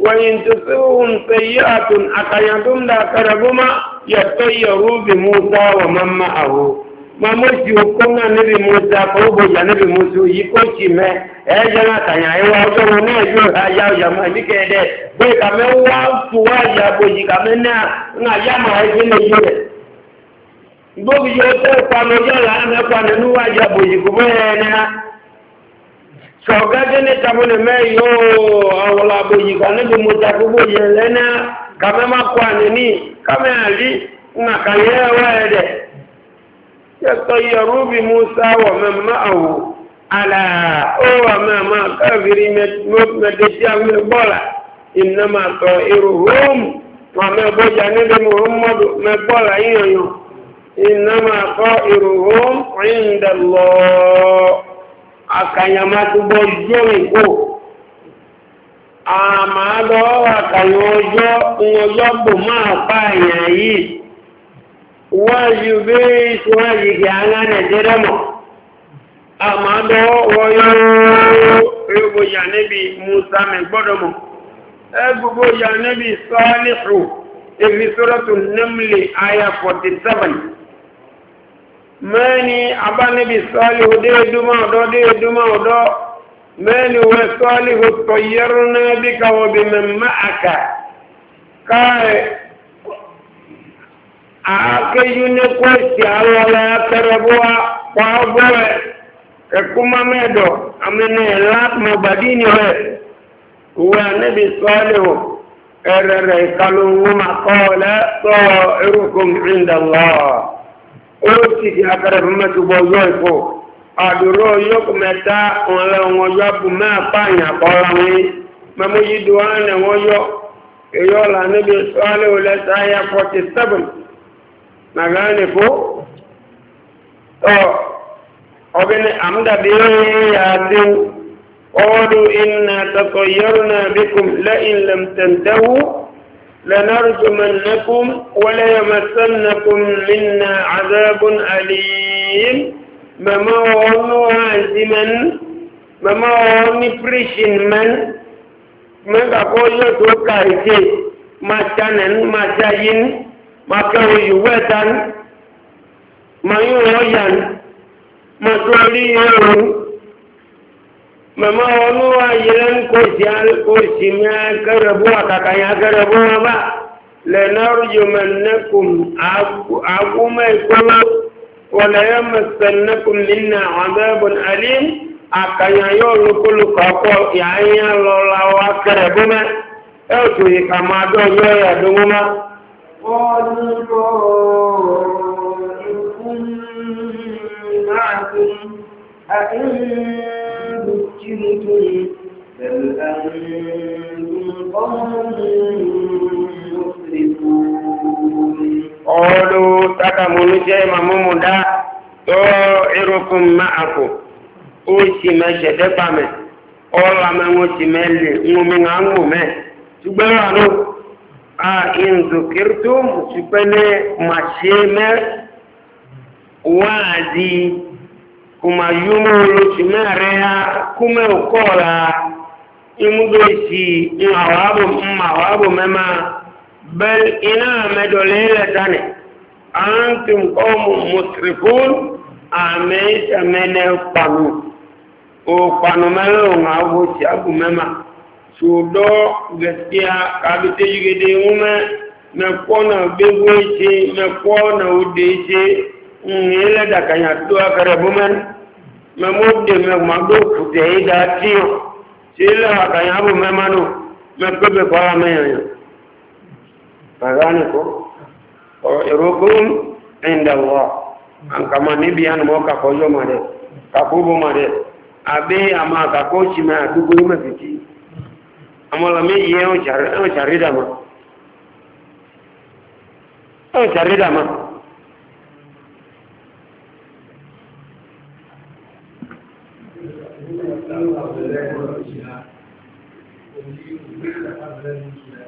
وإن تصبهم سيئة أكيدون لا كربما يطيروا بموسى ومن معه mamosi okona níbi musa kọ́ọ̀bọ̀jà níbi musu yìí kò sì ẹ jẹ́ látàyà ìwà ọjọ́ náà yóò ayá ọjà máa ní kẹ́ẹ̀dẹ́ pé kàmẹ́ wá tu ìyá bòjì kàmẹ́ náà ń àyà máa ẹ sílẹ̀ yìí rẹ̀. yóò tẹ́ làánú níwájú àbòjì kò náà. sọ̀gá gẹ́nì tàbílẹ̀ mẹ́rin yóò àwọ̀lá àbòyìká níbi mo tàbíbò yẹ lẹ́nà kàmẹ́ má kó àníní kàmẹ́ àrí nàkàyẹ́ ẹwà ẹ̀dẹ̀ yẹ́tọ̀ yẹ̀rú bí musa wọ̀ mẹ́mọ́ àwò àlà ó wà mẹ́mọ́ káfírí mẹ́tẹ́tí àmì bọ́là iná máa tọ irú rúm màmẹ́ bọ́jà níbi muhammadu mẹ́bọ́là yíyan iná máa tọ akanyama tó bọ́ yọ ìkó àmàlọ́ àkànyọ ọjọ́ ọjọ́ bò máa pa èèyàn yìí wọ́n yìí bí ìṣúná yìí kì á ń rán nàìjíríà mọ̀ àmàlọ́ ọyọ́ gbogbo ìyà níbi musa mẹ́gbọ́dọ̀ mọ̀ ẹ níbi sọ́ọ́lì ṣù èfi àyà 47 mẹ́ni abánibí sọ́ọ̀lì òdé ẹdúmọ̀ ọ̀dọ́ dé ẹdúmọ̀ ọ̀dọ́ mẹ́ni wẹ́ sọ́ọ̀lì òtò yẹrù náà bí káwọ́ bí mẹ́mẹ́ àkà káàrẹ̀ àákéyú ní kwẹ́sì àwọ̀lá kẹrẹbúwa pàábọ̀wẹ̀ ẹ̀kúmọ́ mẹ́dọ̀ àmìnà ẹ̀lá mọ̀gbàdí ni wẹ́ wẹ́ àníbi ò ẹ̀rẹ̀rẹ̀ ìkàlùwò màkọ́ lẹ́sọ̀ọ́ olóòtú ti akẹrẹ fún mẹtò bọ yọ ìfọ àdúró yọkù mẹta ọlẹ wọn yọ abù mẹa pààyàn kọlá wọn mẹmú yìí dùn án lẹ wọn yọ èyí ọlà níbi sọálẹ olẹ sáyà forty seven nàgá nìfọ ọ ọbẹni àmúdàbí yàtí ọdún iná tọkọ yọrùnà bíkùn lẹyìn lẹmtẹntẹwù. لنرجمنكم وليمسنكم منا عذاب أليم مما هو عازما مما هو فريشن من من أقول توكايتي ما تنن ما تاين ما كانوا يوتان ما يوهيان ما تولي يوهيان mama olúwa yẹn kòsì kòsì mi akẹrẹbù àkàkànyà akẹrẹbù wọn bá lẹnàrúyọmọ nẹkùn àgùmọ ìkọlọ wọlẹyẹ mẹsànnẹkùn nínà ọdẹbùn alim àkànyà yóò lókòlù kọkọ yàáyà lọlá wa kẹrẹbù mẹ ẹ ò tó yìí kà máa dọ yọ ẹ dùnmọ mọ. wọ́n ní kò ìkún náà kún àìyí. كذبتم بل أنتم ma مسرفون قالوا تكمل شيء ممدا طائركم معكم oṣì mẹ ṣẹ̀dẹ́ pàmẹ́ ọ̀rọ̀ àmẹ́wọ̀n ti mẹ́ lè ńomi ń hàn mẹ́ ṣùgbọ́n àánú a ìǹdùkírtùm ṣùgbọ́n ní màṣẹ́ mẹ́ wáàdìí kuma yumo luchimere ya kume ukola imugesi mawabu mawabu mema bel ina medolele tane antum qawmu musrifun ameisha mene panu o panu melo ngawo chagu mema sudo gaskiya kabite yigede ngume na kuona begwe che na kuona udeche ngele dakanya dua karabumen mẹmọ de mẹgbọn gbọ kùtẹ yìí dáa tí o tí ilé àkànyà bò mẹmánu mẹgbẹbẹ kọlá mẹyànyà bàbá nìkó ọ ìrókòwòn ẹnìdàwọ ànkàmà níbi ànàmọ kàkọ yọ mà dẹ kàkó bò mà dẹ àbí àmà kàkó tì mẹ àdúgbò yìí mà fìtì àmọlà méjì yẹ ọ sàrí dàmà ọ sàrí dàmà.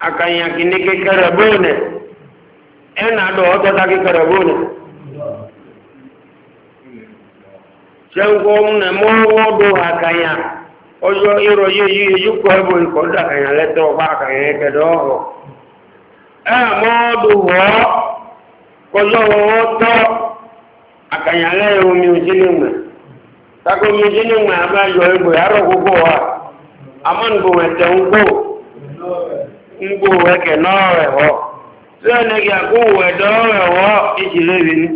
akanya kini kekere bone ena do na ta kekere bone sẹ́ńkọ́ múnẹ̀ mọ́wọ́dọ̀ àkànyà ọjọ́ ìrọ̀ yìí yìí yíkọ́ ẹ̀bọ̀ ìkọ̀dọ̀ àkànyà lẹ́tọ̀ ọ̀pá àkànyà ẹ̀kẹ̀dọ̀ ọ̀họ̀ ẹ̀ mọ́wọ́dọ̀ wọ́ kọjọ́ wọ́ tọ́ àkànyà lẹ́yìn omi òjìlẹ̀mẹ̀ tako omi ebo ya ẹgbẹ̀ arọ̀ gbogbo wa ńgbò wẹ́kẹ̀ náà rẹ̀ wọ́ tí ẹnìkì àkúwò ẹ̀dọ́ rẹ̀ wọ́ ìṣìlẹ̀bì ni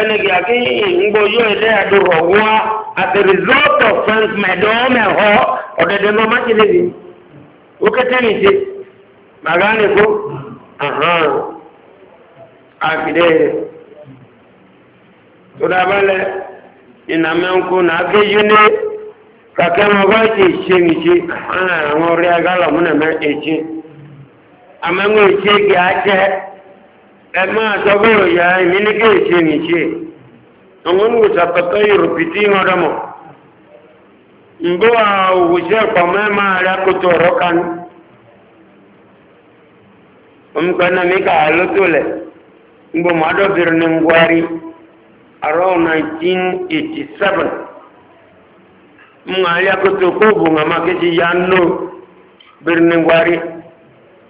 ẹnìkì àkí ńgbò yóò ẹ̀dẹ́ àdúrà wá as a result of fans mẹ̀dọ́ mẹ̀họ́ ọ̀dẹ̀dẹ̀ lọ́mọ ìṣìlẹ̀bì ó kẹ́tẹ́ mi ṣe màgá ni kó àkìdẹ́ rẹ̀ tó dábàlẹ̀ ìnàmẹ́ńkù náà kéjú kàkẹ́ bá ti ṣe mi àwọn ọ̀rẹ́ àmẹ́wọ́n ìṣe kì á jẹ́ ẹ máa sọ bẹ́ẹ̀ òyà èmi ní kí èṣe nìṣe àwọn oníwòsàn pẹ̀pẹ́ yorùbá tí wọ́n rẹ̀ mọ̀ mgbe òwòṣẹ́ ìpamọ́ máa rẹ̀ ọ̀rọ̀ kan omukpana mi ka aloto lɛ ŋgbɔ mo adɔ biri ne ŋguari arɔ nineteen eighty seven ŋa ya no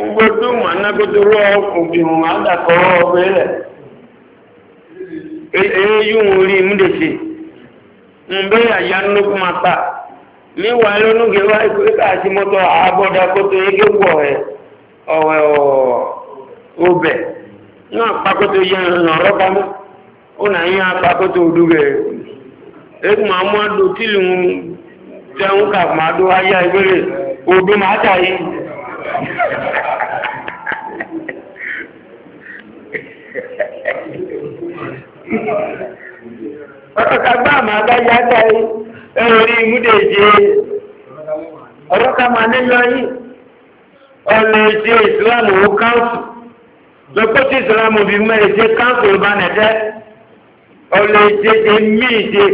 gbogbo mọ̀nàgbòdòrò òbìrùn e ọgbẹ́ rẹ̀ èyí yóò rí múdèsè mbẹ́ àyà nnukwu máa pa níwà lónúgẹ wá ìkóríkà àti mọ́tò àbọ̀dà kótó a wọ̀ ẹ̀ ọ̀wẹ̀ ọ̀bẹ̀ náà pàkótó yẹ ọ̀rọ̀ pamọ́ ó nà yín apàkótó òdúgẹ̀ ẹ̀kú máa mú àdó tìlù tẹ̀hún kà máa dó ayé òdó máa tà ọ̀tọ̀kagbá àmàgbá yáta ẹ̀rọ̀rí ìmúdèjì ọ̀rọ̀kàmà nílọ yìí ọ̀lẹ̀ ìṣe ma ó káńsù lọ́pọ̀ tí bí mọ́ ìṣe káńsù ló nẹ̀tẹ́ ọ̀lẹ̀ ìṣe ṣe mí ìṣe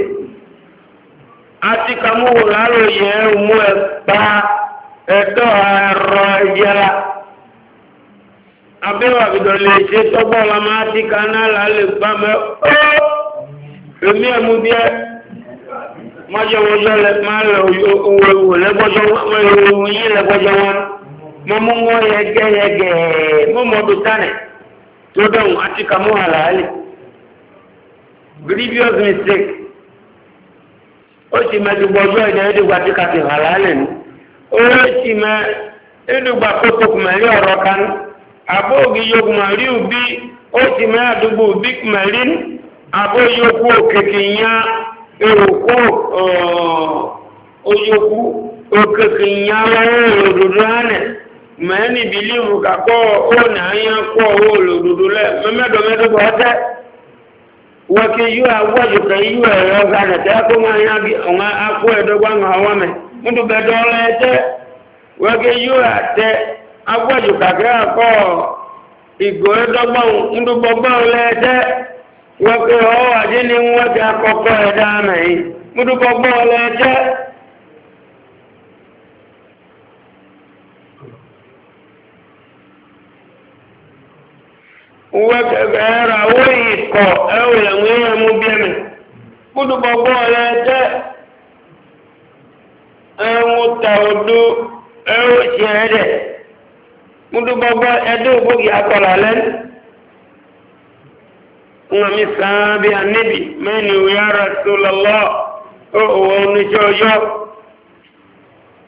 àti kàmúwò láàrọ̀ yẹn mú ẹ̀ ẹ̀tọ́ ẹ̀rọ ìyára abẹ́wà bìdọ̀ lè ṣe tọ́gbọ́n la máa ti kaná là lè gbá mẹ́ ọ́ èmi ẹ̀mú bí ẹ́ mọ́jọ́wọ́jọ́ lẹ máa lẹ òwò lẹ́gbọ́jọ́ òwò yí lẹ́gbọ́jọ́ wọn mọ́ mú wọ́n yẹgẹ́yẹgẹ́ mọ́ mọ́ bí tánẹ̀ tó dẹ̀hùn àti kàmú àlàálì grievous mistake ó sì mẹ́tò gbọ́jọ́ ìdẹ́rẹ́dẹ́gbà tí kàtì àlàálì ni. o mẹ ẹdùgbà kókò kùmẹ̀lì ọ̀rọ̀ kan àbóògì yòókù mẹ̀lì òbí oríṣi mẹ àdúgbò òbí kùmẹ̀lì àbóyòókù òkèkè yá èròkù òyòókù o yá lọ́wọ́ hànẹ̀ mẹ́ni bìlíìfù kàkọ́ ònà ayé kọ́ owó òlòdòdó lẹ mẹ́mẹ́dọ̀mẹ́dọ̀gbọ̀ ọtẹ́ wọ́n kí yóò awọ́jù kẹ́ yóò ẹ̀rọ gánà tẹ́ kó máa yá bí àwọn akó ẹ̀dọ́gbọ́n àwọn mẹ́. mudu gado le te wege yu ate agwaju kakra ko igo dogba mudu bogba le te wege o aje ni wege akọkọ eda mai mudu bogba le te e ẹ̀wọ̀n ta odó ẹ̀wọ̀n ṣe ẹ̀dẹ̀ múdúbọ́gbọ́ ẹ̀dẹ́ ògbógi akọ̀là lẹ́nu ńlá mi sàn bí anábì mẹ́ni òyà rasulọ́lọ́ òwò oníṣẹ́ ọjọ́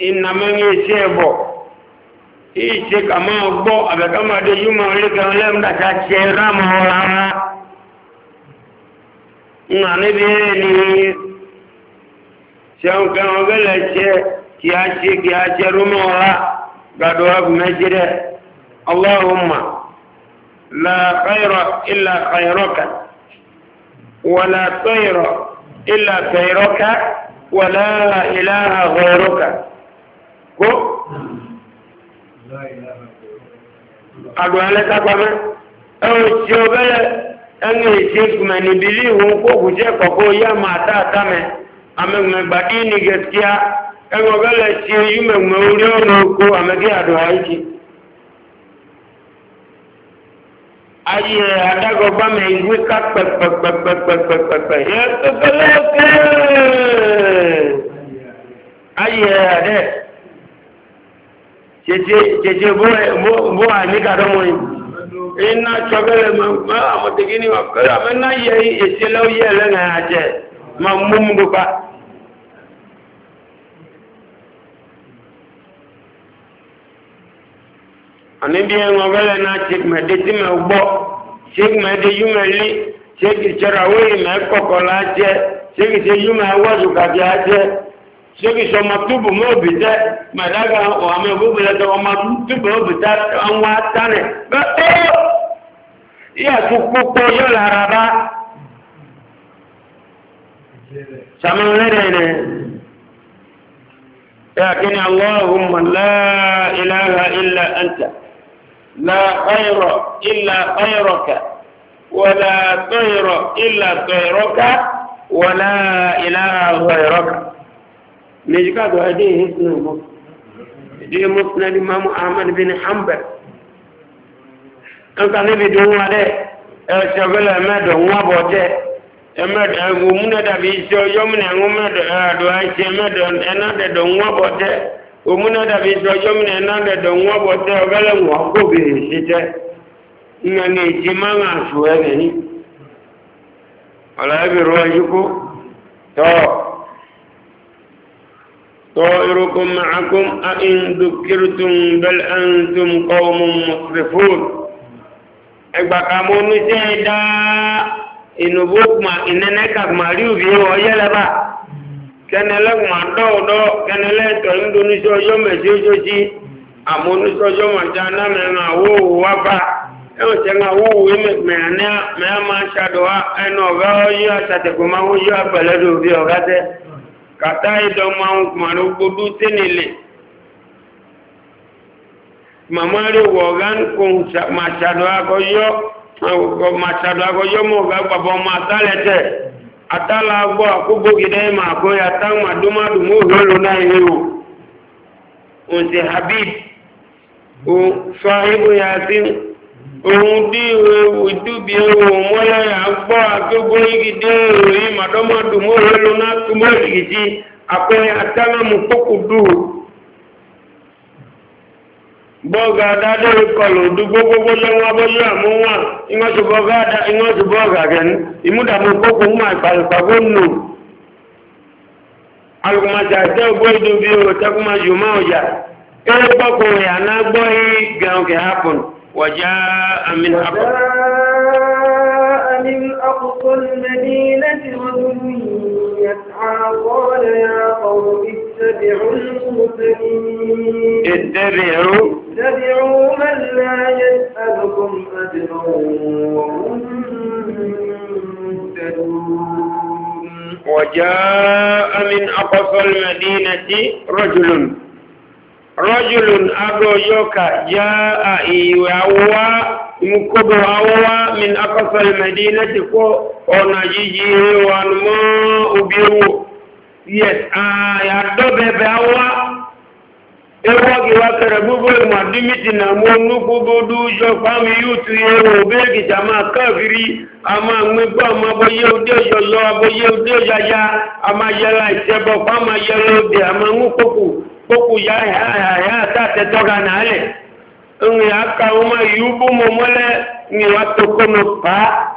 ìnàmẹ́ni iṣẹ́ ẹ̀bọ̀ iṣẹ́ kàmá gbọ́ àbẹ̀kámadé yúmọ̀ oríkan lẹ́mdàkà ṣe rámọ̀ ẹni sẹ́wọ̀n kan wọ́n bẹ́ lẹ̀ ṣe kí a ṣe kí a ṣe rúmọ̀ ọ̀la gbàdọ̀ ọ̀bù méjì dẹ̀ ọlọ́hùnmá la kẹ́rọ̀ ilà kẹ́rọ̀kà wàlà kẹ́rọ̀ ilà kẹ́rọ̀kà wàlà ilà kẹ́rọ̀kà kó. àgbà alẹ́ sápamẹ́ ẹ ò ṣe ọbẹ̀ ẹ̀ńgẹ̀ ìṣe kùmẹ̀ níbi ilé ìwọ̀n kó kù jẹ́ kọ̀kọ́ yá màá tá a tá mẹ́. amegmegba dini gaskiya ɗan gala ce yi megmauri ono ko a magiya da haiki ayi adago ba mai yi ka kpekpekpekpekpekpekpe ya tsokoleke ayi ade cece bo a ni ka don wani ina tsogale ma a motagini wa kala amina yayi esilau yi elena ya je ma mum do ba anabi ẹ̀wọ̀n bẹ́lẹ̀ náà ṣe mẹ́tẹ́ tí mẹ́ gbọ́ ṣe mẹ́tẹ́ yú mẹ́ ṣe kì í ṣẹra wéyìn mẹ́ la jẹ́ ṣe kì ṣe yú mẹ́ wọ́ọ̀dù kàbí a jẹ́ ṣe kì í mọ́ sàmúlẹ́rẹ̀ẹ́rẹ́ لكن اللهم لا إله إلا أنت لا خير إلا خيرك ولا طير إلا طيرك ولا إله غيرك نجيكا دو هديه اسمه دي مسند إمام أحمد بن حنبل أنت نبي دون عليه الشغل ما دون وابوته ẹmẹ́dọ̀ ẹgbù múnẹ́dàbí iṣẹ́ ọjọ́ múnẹ̀ ń mẹ́dọ̀ ẹ̀rọ àìṣẹ́ mẹ́dọ̀ ẹ̀nàdẹ̀dọ̀ ń wọ́pọ̀ tẹ́ òmúnẹ́dàbí iṣẹ́ ọjọ́ múnẹ̀ ẹ̀nàdẹ̀dọ̀ ń wọ́pọ̀ tẹ́ ọgọ́lẹ̀wọ̀n kòbèrè sí tẹ́ ìyẹnì ìṣe máa daa. ìnùbó kuma ìnẹnẹ kàkùmà rí òbí wọ yẹlẹba kẹnẹlẹ kuma dọwọdọ kẹnẹlẹ tọ ńdoníṣẹ ọjọ mẹsí ojoojì àmọníṣẹ ọjọ mọjá náà àwọ òwò wá bá na tẹ ń àwọ òwò mẹhànẹ mẹhà máa ṣàdọ wa ẹnu kuma agụkọ machado agọjọmọ ga-agbaba ọma atalete atala agbọ akwụgbogide ma akụ ya ta mmadụ mmadụ ma ohiolu na ihewu ozi habib sahibu ya si ohun dị ewu dubi ewu mọya ya agbọ agbogboigide ewu ịmadọmadụ ma ohiolu na atụmọligidi akụ ya mụ m kpokwudu bọ́ọ̀gà dádẹ́rẹ́ kọlù dúgbò gbogbo lẹ́wọ́n abọ́yọ́ àmúwà ìwọ́sù bọ́ọ̀gà gẹ̀ẹ́nu ìmúdàmú kókò mú máa nù alùpùpàṣà tẹ́ ògbó ìdú bí o jù máa ọjà يسعى قال يا قوم اتبعوا اتبعوا اتبعوا من لا يسألكم أجرا وهم وجاء من أقصى المدينة رجل رجل أبو يوكا جاء إيواوا mkobo hawa min akasa almadinati ko ona jiji wanmo ubiru yes ya ebe awa ewu gi kere gbogbo ìmọ̀ na mú nnukwu gbogbo ụjọ fámi yóò tún yẹ wọ bẹ́ẹ̀gì tí a máa káàkiri a máa ń ụdị ọmọ lọ abọ́yé ụdị òjò ya ya ẹ̀hà ya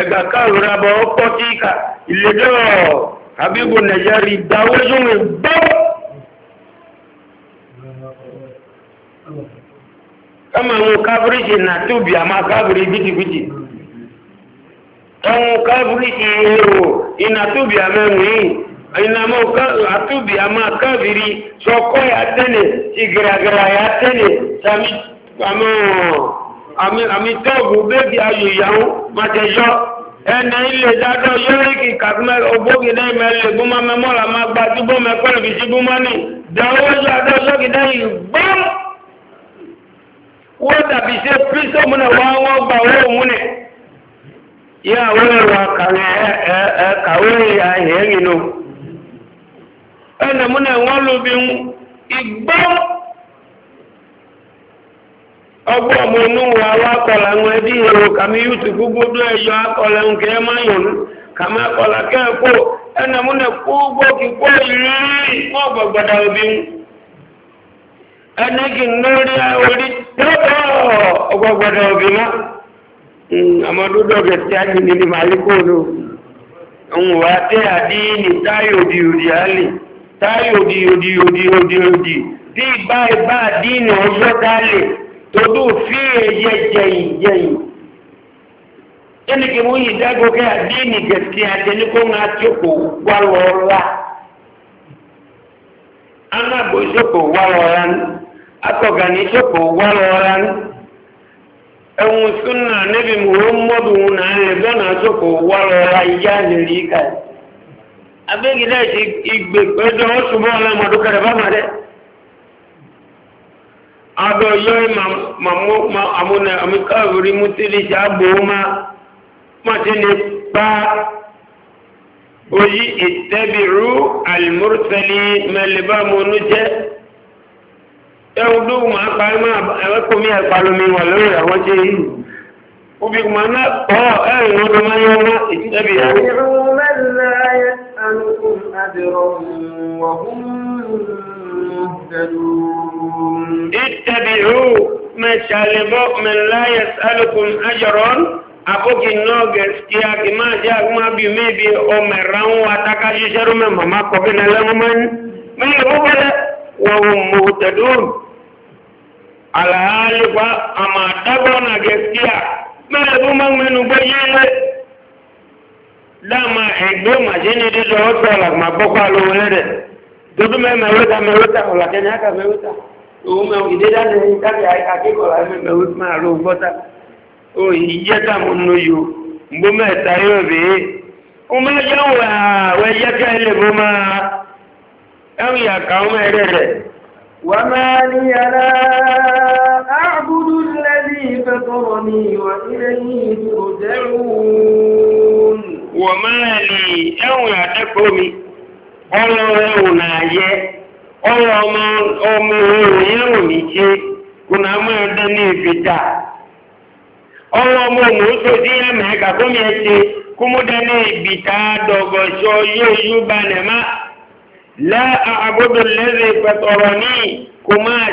ẹ̀ka káàrùn abọ́ ọkọ̀ tí ìkà ìlẹ́jọ́ àbíbò nàìjíríà ìdáwó sóhun ìgbọ́. kama ń kábíríṣì nà tóbi àmà kábírí bìtìbìtì ẹ̀wọ̀n kábíríṣì èrò ìnà tóbi àmà ẹ̀wọ̀n ìnàmọ́ àtúbì àmà kábírí sọkọ́ yà tẹ́lẹ̀ tìgìràgìrà yà tẹ́lẹ̀ sàmì àmọ́ àmì àmì tọ́ọ̀bù bébì ayò ìyàwó màtẹ̀yọ́ ẹnẹ ilé dájọ́ yọ́ríkì kàkúmẹ́ ògbógi náà mẹ́lẹ̀ gbọ́mọ́ mẹ́mọ́ra máa gba dúgbò mẹ́pẹ́rẹ́ fi ṣubú mọ́nì dáwọ́jọ́ adájọ́gi náà yìí gbọ́n wọ́n dàbí ṣe pírísọ̀ múnẹ̀ wọ́n wọ́n gbà owó múnẹ̀ yẹ àwọn ẹ̀rọ àkàrẹ ẹ̀ kàwé àyẹ̀yìn nù ẹnẹ wọ́n ń ìgbọ́n. ọgbọ́ ọmọ onúwọ̀ awọ́ akọ̀là ń ẹbí èrò kàmí yútùkú gbogbo ẹ̀yọ akọ̀là ń kẹ́ máyàn kàmí akọ̀là kẹ́ẹ̀kọ́ ẹnà mọ́ gbọ̀gbọ̀dà òbí lórí orí òbí mọ́ tẹ́ táyò di òdì àlè táyò di òdì òdì òdì òdì bí ọjọ́ tòdú fi ẹyẹ jẹyìn jẹyìn ẹnìkì mú yìí dágbo kí àdínì gẹ̀ẹ́sì àtẹni kó ń atsoko wà lọ́la anagbo tsoko wà lọ́la ní tsoko wà lọ́la ní ẹ̀wọ̀n súnà níbi nà tsoko wà lọ́la ìyá nìyí kàyí abẹ́gidẹ́ ìgbẹ́gbẹ́dọ́ ọ̀ṣùnmọ́ ọ̀la mọ̀dúkẹ́rẹ́ ma dẹ́. Abe yọ ma amúnẹ amíkàwérí mútílì abụọ ma mọ́tí lè pa oyi ìtẹ́bìrú alìmúrúsẹ́lì mẹ́lẹ̀bá mọ́nú jẹ́ ẹ̀hùn e tó ma parí máa ẹ̀wẹ́kùn mí ẹ̀pàlómi wà lórí àwọn Obi kuma na ọ ẹ̀rìn ọdọ máa yọ ọmọ ìtẹ́bì مهتدون اتبعوا مثل المؤمن لا يسألكم أجرا abogi noge skia kima ja kuma bi me bi o meran wa taka jisharu me mama ko bi na lamun me bu ala ama bu dama egbe ma e jeni de do so la ma dodo mɛ mɛwɛta mɛwɛta o la kɛnɛ aka mɛwɛta o mɛ ìdédá ni káfí akékọ̀ọ́ la mɛ mɛwɛta máa lo gbọ́ta o ìyẹ́ta mo nù yìí o gbó mẹ́ta yóò bè o mɛ yẹ wò aa wẹ yẹ ká ẹ lè bó ma ẹ̀wù yà ká o mẹ rẹ rẹ. wà á máa ní yàrá àbúrú ni wà ilé yìí tó dẹ́rù. wọ́n máa yà dẹ́kọ̀ọ́ mi. ọlọ́rẹ́ ò náà yẹ ọlọ́ ọmọ òòrùn yẹ́rùn ní ṣe kò náà mọ́ ẹ̀dẹ́ ní ìfìjà ọlọ́ ọmọ òòrùn tó sí ẹ̀mẹ́ kàkómi ẹ̀ṣẹ́ kó mú dẹ́ ní ìbìtà dọ̀gọ̀ṣọ yóò yú balẹ̀ má lẹ́ àgbódò lẹ́rẹ̀ pẹ̀tọ̀rọ̀ ní kò máa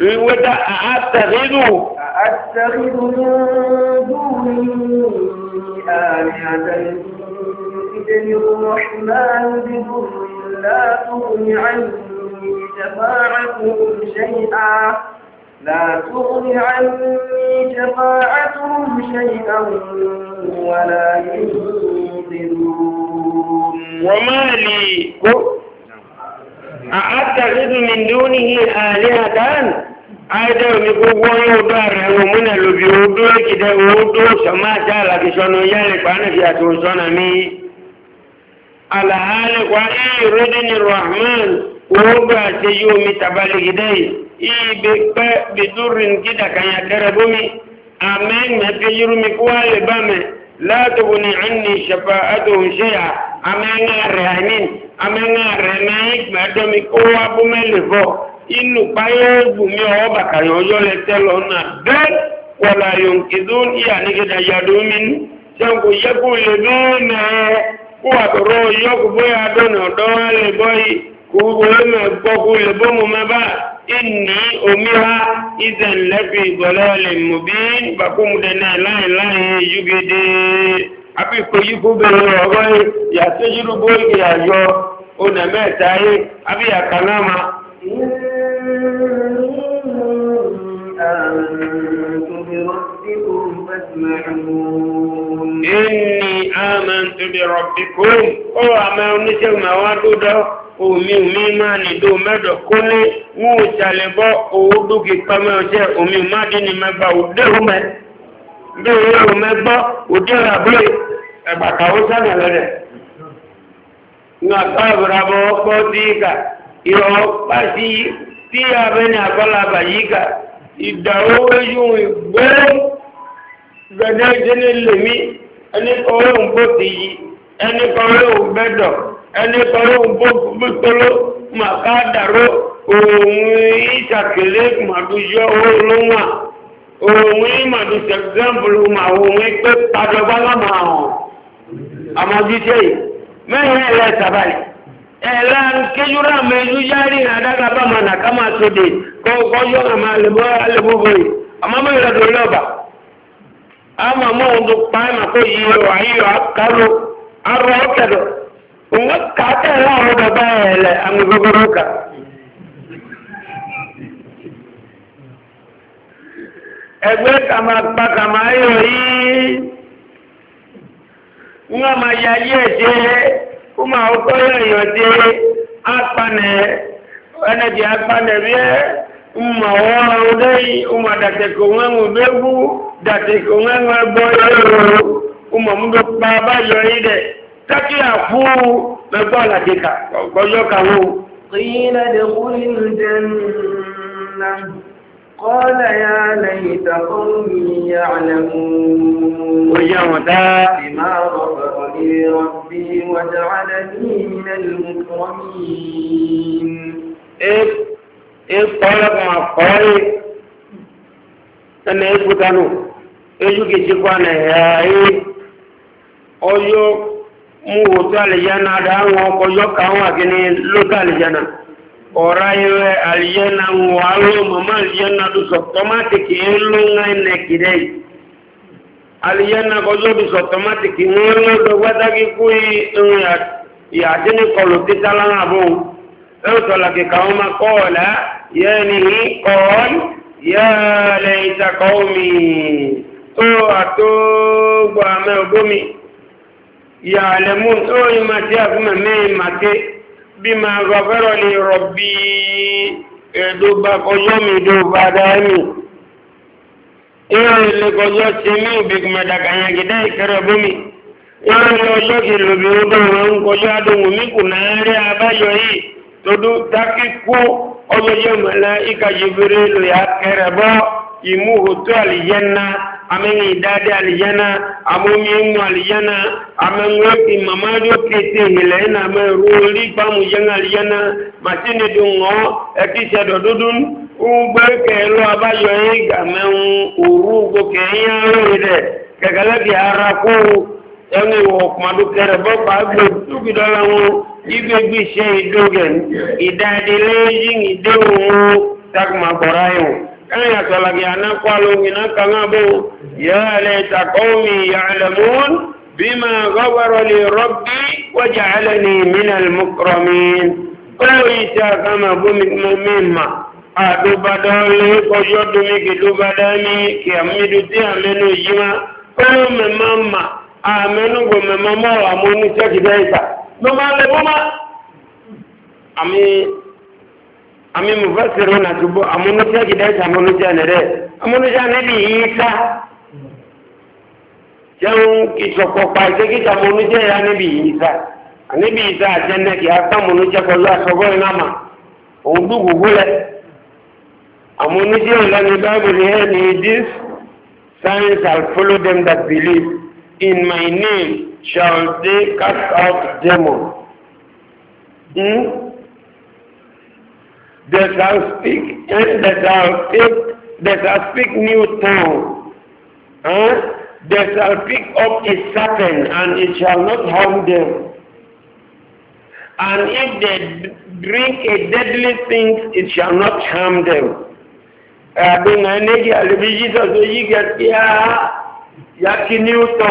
وده أتخذ أتخذ من آلهة الرحمن بضر لا تغني عني شفاعتهم شيئا شيئا ولا ينقذون وما لي àátàrídù mi dúní àlẹ́ àdáhàn àìdá omi gbogbo yóò dọ́ ààrẹ wọn múnà lóbi odó ìkìdẹ odó sọmá àti àlàkìsọ́nà yálẹ̀ pàánàfi àti òṣọ́nà mi àlàhálẹ̀ kwa ìrúdí ni rahman ogbà àti yí omi tàbálẹ̀ ìkìdẹ ìbí pẹ́ bìdúrin kídà kanyà dẹ́rẹ́ bómi amẹ́ńgá rẹ̀ àní amẹ́ńgá rẹ̀ náà ìgbà dọ́mi kó wá bó mẹ́lẹ̀ bọ̀ inú báyọ̀ gbùmí ọwọ́ bàkàyọ̀ ọjọ́ lẹ tẹ́lọ náà bẹ́ẹ̀ wọ̀là yòǹkìdó ìyá nígbèdà yàdó mi ní sẹ́ńkù yẹ́kù lè dún náà kó àtọ̀rọ̀ yọkù bóyá náà láìláì yúgidé. àbí ìkòyíkú bẹ̀rẹ̀ ọ̀rọ̀ ìyàtẹ́júrúgbó ìyàyọ onẹ̀mẹ́ta yé àbí àkànáma. Inni amantu bi rabbikum ó àmẹ́ oníṣẹ́ màwá dúdọ́ omi omi máa nìdó mẹ́dọ̀ kó ní wọ́n ò owó ọjẹ́ omi máa dín ní mẹ́gbà bí mẹ́gbọ́ ẹ̀gbà kàwó sánà lẹ́rẹ̀ ní àtàbùrà bọ́ ọkọ̀ sí ìkà ìrọ̀ ọ̀pá sí tí abẹ́ni àkọ́lá àbàyí ìdàwó ẹni kọ́wé ń gbẹ́dọ̀ ẹni bó gbẹ́tọ́lọ́ dàró òun ìṣàkèlé owó à òun àmọ́jú tẹ́ yìí mẹ́rin ẹ̀rẹ́ sàbàlì ẹ̀rẹ́ kéjúra mẹ́jú yárí àdága bá ma nàká máa sóde kọ́kọ́ yọ àmà àlebọ́ àlebóbo yìí àmọ́ mọ́ ìrọ̀dọ̀ lọ́ba àmọ́ mọ́ ohun tó pa ẹ̀mà kó yí ọ ayíyọ káró arọ ọ̀kẹ́dọ̀ òun kàtẹ́ láàrọ̀ bàbá ẹ̀ lẹ̀ àmì gbogbo kà. ẹgbẹ́ kàmá kpakàmá ayọ̀ yìí wọ́n máa ya ayé ẹ̀dẹ́ kó máa ọkọ́ èèyàn dé apanẹ̀ ẹnẹ́dì apanẹ̀ bí ẹ́ mọ̀ wọ́n ọdẹ́ yìí ọmọ dàtẹ̀kọ̀ wọn ń bẹ́gbú dàtẹ̀kọ̀ wọn ń gbọ́ ẹ̀rọ ọmọ mú bẹ́ pa báyọ̀ yìí dẹ̀ tákì àfú mẹ́gbọ́ àlàdé kà ọ̀gbọ́jọ́ kàwó. قيل ادخل الجنة قال يا ليت قومي يعلمون بما غفر لي ربي وجعلني من المكرمين إذ إذ طلب مع قارئ أن يفوتنوا ejuke jikwa na yayi oyo mu hoto alijana da an ko yo kan wa gini lokal jana ora ile aliena walo mama aliena du automatic ilunga nekidei aliena gozo du automatic ngono do wada kui ya ya jini kolo titala ngabo eto la ke kauma kola yeni qol ya laita kaumi to ato gwa me ogomi ya lemun o imati afuma me mate bímọ gbàfẹ́rọ̀ lè rọ̀bí ẹ̀dọ́gba kọjọ́ mi dọ́gba dáẹ́mì ìrìn lè kọjọ́ ti mí ìbìkùmọ̀dàkà yẹn gidẹ́ ìkẹrẹ bómi ìrìn ọjọ́ kì lòbí ọdọ́rọ̀ ń kọjọ́ adóhùn mí kù náà rí abáyọ yìí tọdú dákí kú ọjọ́ yẹn mọ̀lá ìkàjì fèrè lòyà kẹrẹ bọ́ ìmú òtó àlìyẹ́ náà amene idadi alijana amomiengu alijana amengwepi mamadio kitihile na ameruli pamujenga alijana masini dungo ekisha dodudun ugbekelo abayo igamen urugo keyaide kegalagi araku ẹni ọ̀pọ̀lọpọ̀ kẹrẹ bọ́ pàápàá dúkìdọ́lá wọn gbígbégbé iṣẹ́ ìdógẹ̀ ìdádilé yìí ìdéhùn wọn tákùmá bọ̀ráyùn ẹ̀yà sọ̀làgì ànákwàlò ìnáka náà bó yà lè takọ́mì yàlẹ̀mún bí ma gọ́gbàrọ̀ lè rọ́bí wọ́jà alẹ́ni mínal mọ́kọ̀rọ̀mí pẹ̀lú ìṣẹ́ àkàmà bómi mímà àdúbàdọ́ lè kọjọ́ domi gẹ̀dúbàdá ní kí àmìdú tí àmẹ́nu mọ́ àmọ́nú sẹ́kìdẹ́ ìta ló máa lè bó àmì ami mufasiru na tubo amunusia kidaisa amunusia nere amunusia neli isa jẹun ìṣọ̀kọ̀pá ìṣẹ́kíta amunusia ya níbi isa níbi isa àjẹ́nẹ́ kí a ká amunusia pẹ̀lú àṣọgọ́ ìnáma òun dùkù gúlẹ̀ amunusia ìlànà bible here ni this signs shall follow them that believe in my name shall they cast out demons. Hmm? They shall speak, and they shall speak, they shall speak new tongue. Huh? They shall pick up a serpent, and it shall not harm them. And if they drink a deadly thing, it shall not harm them. Abin anegi alibi Jesus I believe in Jesus.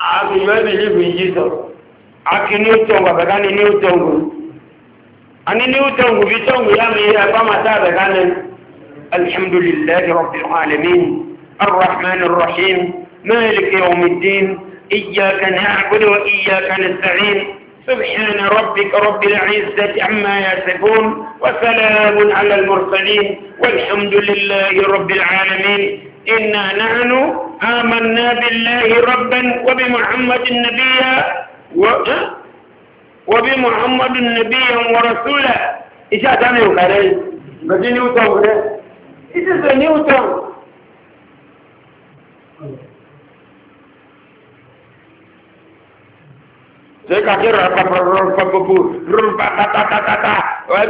I Abin believe in Jesus. Aki Newton, babaka أني نيوتن وبيتن ويامي أبما تابع أنا الحمد لله رب العالمين الرحمن الرحيم مالك يوم الدين إياك نعبد وإياك نستعين سبحان ربك رب العزة عما يصفون وسلام على المرسلين والحمد لله رب العالمين إنا نحن آمنا بالله ربا وبمحمد النبي و... وبي محمد نبيا ورسولا إيش أتاني وكاري بدي نيوتن ولا إيش إذا نيوتن sai ka kira fafafafafafafu rufa tatatata wa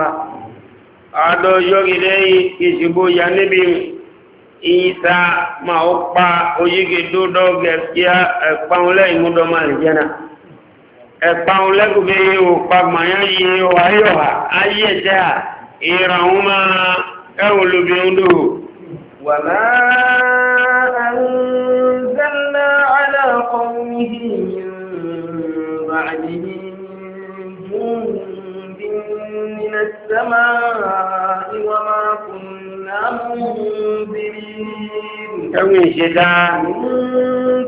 wa àádọ́ yọrí lẹ́yìn ìṣubú ya níbi ìyíta ma ó pa oyígi dúdọ́ gẹ̀ẹ́kíá ẹ̀páun lẹ́yìn múdọ́mà ìjẹ́nà ẹ̀páun lẹ́gùnbẹ̀ yíò pàgbàyà yìí ó ayọ̀hà ayé ẹ̀jẹ́ à ìràun máa ẹ̀wọ̀n lóbi ń dò wà máa السماء وما كنا منذرين إن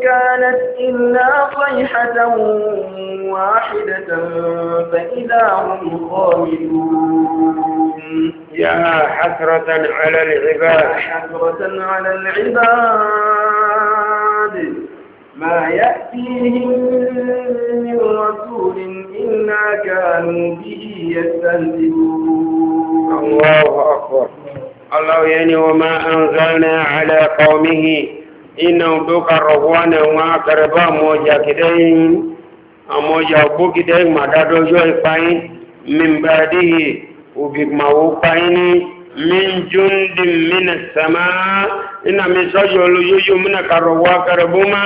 كانت إلا صيحة واحدة فإذا هم خامدون يا حسرة على العباد يا حسرة على العباد ما يأتيهم من رسول إلا كانوا به يستهزئون الله أكبر الله يعني وما أنزلنا على قومه إنهم دوك الرهوان وأقربا موجا كدين أموجا بوكدين ما دادو جوي فاين من بعده وبيك ما هو فايني min jundin min sama ina mi sojo lu yuyu mina karowa karabuma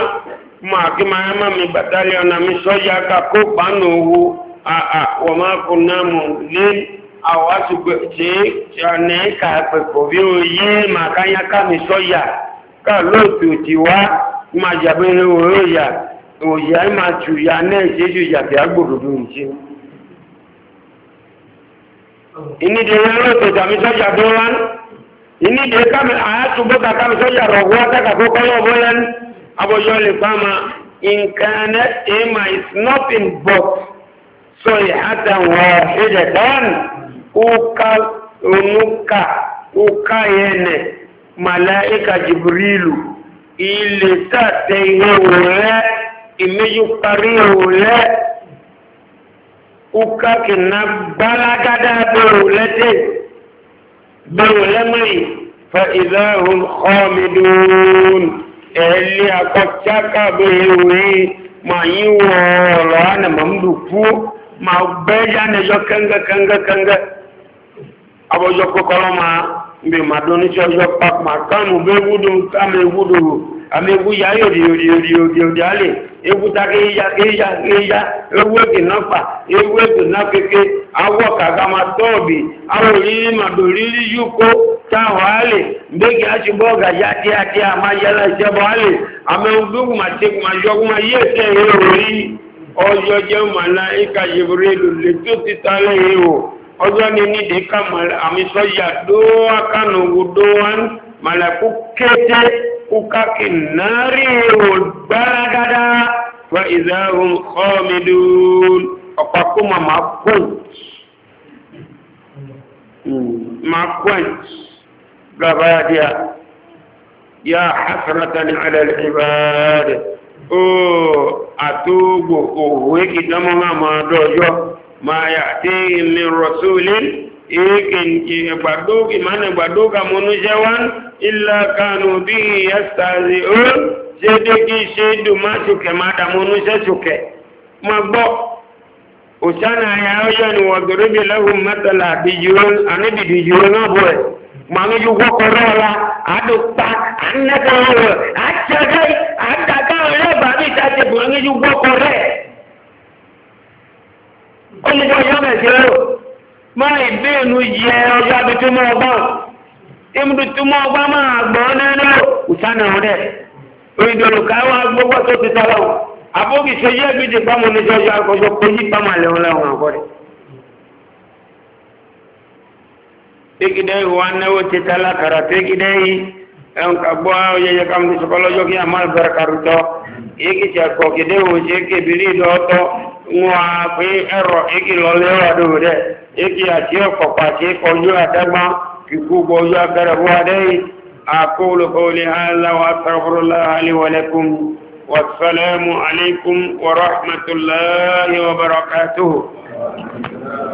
ma ki ma ma mi batali ona mi soja ka ko banu a a wa ma kunna munzin awa su ti ne ka pe ko bi o yi ma ka ya ka mi soja ka lo tu ti wa ma jabe o ya o ya ma tu ya ne se ju ya bi agbodo du nchi inide wero to jami soja dolan inide kam ayatu boka kam soja rogwa taka koko yo bolan abo yole kama in kana ema is not in box so hata wahidatan uka unuka uka yene malaika jibrilu ile tate yewe imeju pari yewe uka kìnnà balagada bẹ̀rù lẹ́tẹ̀ bẹ̀rù lẹ́mọ̀rì fa ìdáhùn kọ́mìdún ẹ̀lẹ́ akọ́tíákà bẹ̀rù rí máa yí wọ ọ̀rọ̀ ánà ma ń ya kú máa bẹ́ẹ̀yà nẹjọ́ kẹ́ngẹ́ kẹ́ngẹ́ kẹ́ngẹ́ abọ́jọ́ kọ́kọ́rọ́ máa ma bè máa dún níṣẹ́ ọjọ́ pàpà kánú àmì ewu ya yòrì yòrì yòrì alè ta ya kí ya kí ya ewu èkì na fà egwu èkì náà kéke awọ kàkà ma tọ́ọ̀bì awọ rírí ma dò rírí yúkó táwọn alè mbẹ́kì àṣìbọ́ gàjá tíátíá àmà yẹlẹ ìjẹbọ alè àmì ma ma ma yé tó ti ta o ni àmì dó dó kété. kukaki nari gbaragada wa izahun khomidun ọ̀pàkó ma ma point hmm, ma point labaya dia ya hasratan ala al-ibad o atugo òwe ìdámọ́ ma ma ma yà tí min rasulin ekenke gbadogi mana gbadoga monujawan illa kanu bihi yastazi'un sedeki sedu masuke mada monusha suke magbo usana ya oyan wa duribi lahum matala bijun anabi bijun abwe manu yugo korola adu pa annaka achagai adaka ole babi tate buangi yugo máa ìbéènu yẹ ọjọ́ abitúmọ̀ ọgbà ìmùtúmọ̀ ọgbà máa gbọ́ nínú ìsànà rẹ̀ ìdòlùkà wa gbogbo tó ti tọ́lọ̀ àbókì ìṣèjì ẹbí ti pamọ́ ní sọ́jọ́ àkọ́jọ́ pé yí pamọ́ àlẹ́ wọn lẹ́wọ̀n àkọ́rẹ́. tegidai wanne wote tala kara tegidai en ka bo ye ye kam so kolo jogi amal barkaru to eki cha ko kide wo je ke bili do to ngwa pe ero eki lo eki ati ọkọpa ti kọjú àdágbá kíkú gbọjú agbẹrẹbú adéyí akóòlù kóòlì hàlá wa sàrọ̀fọ́rọ̀lá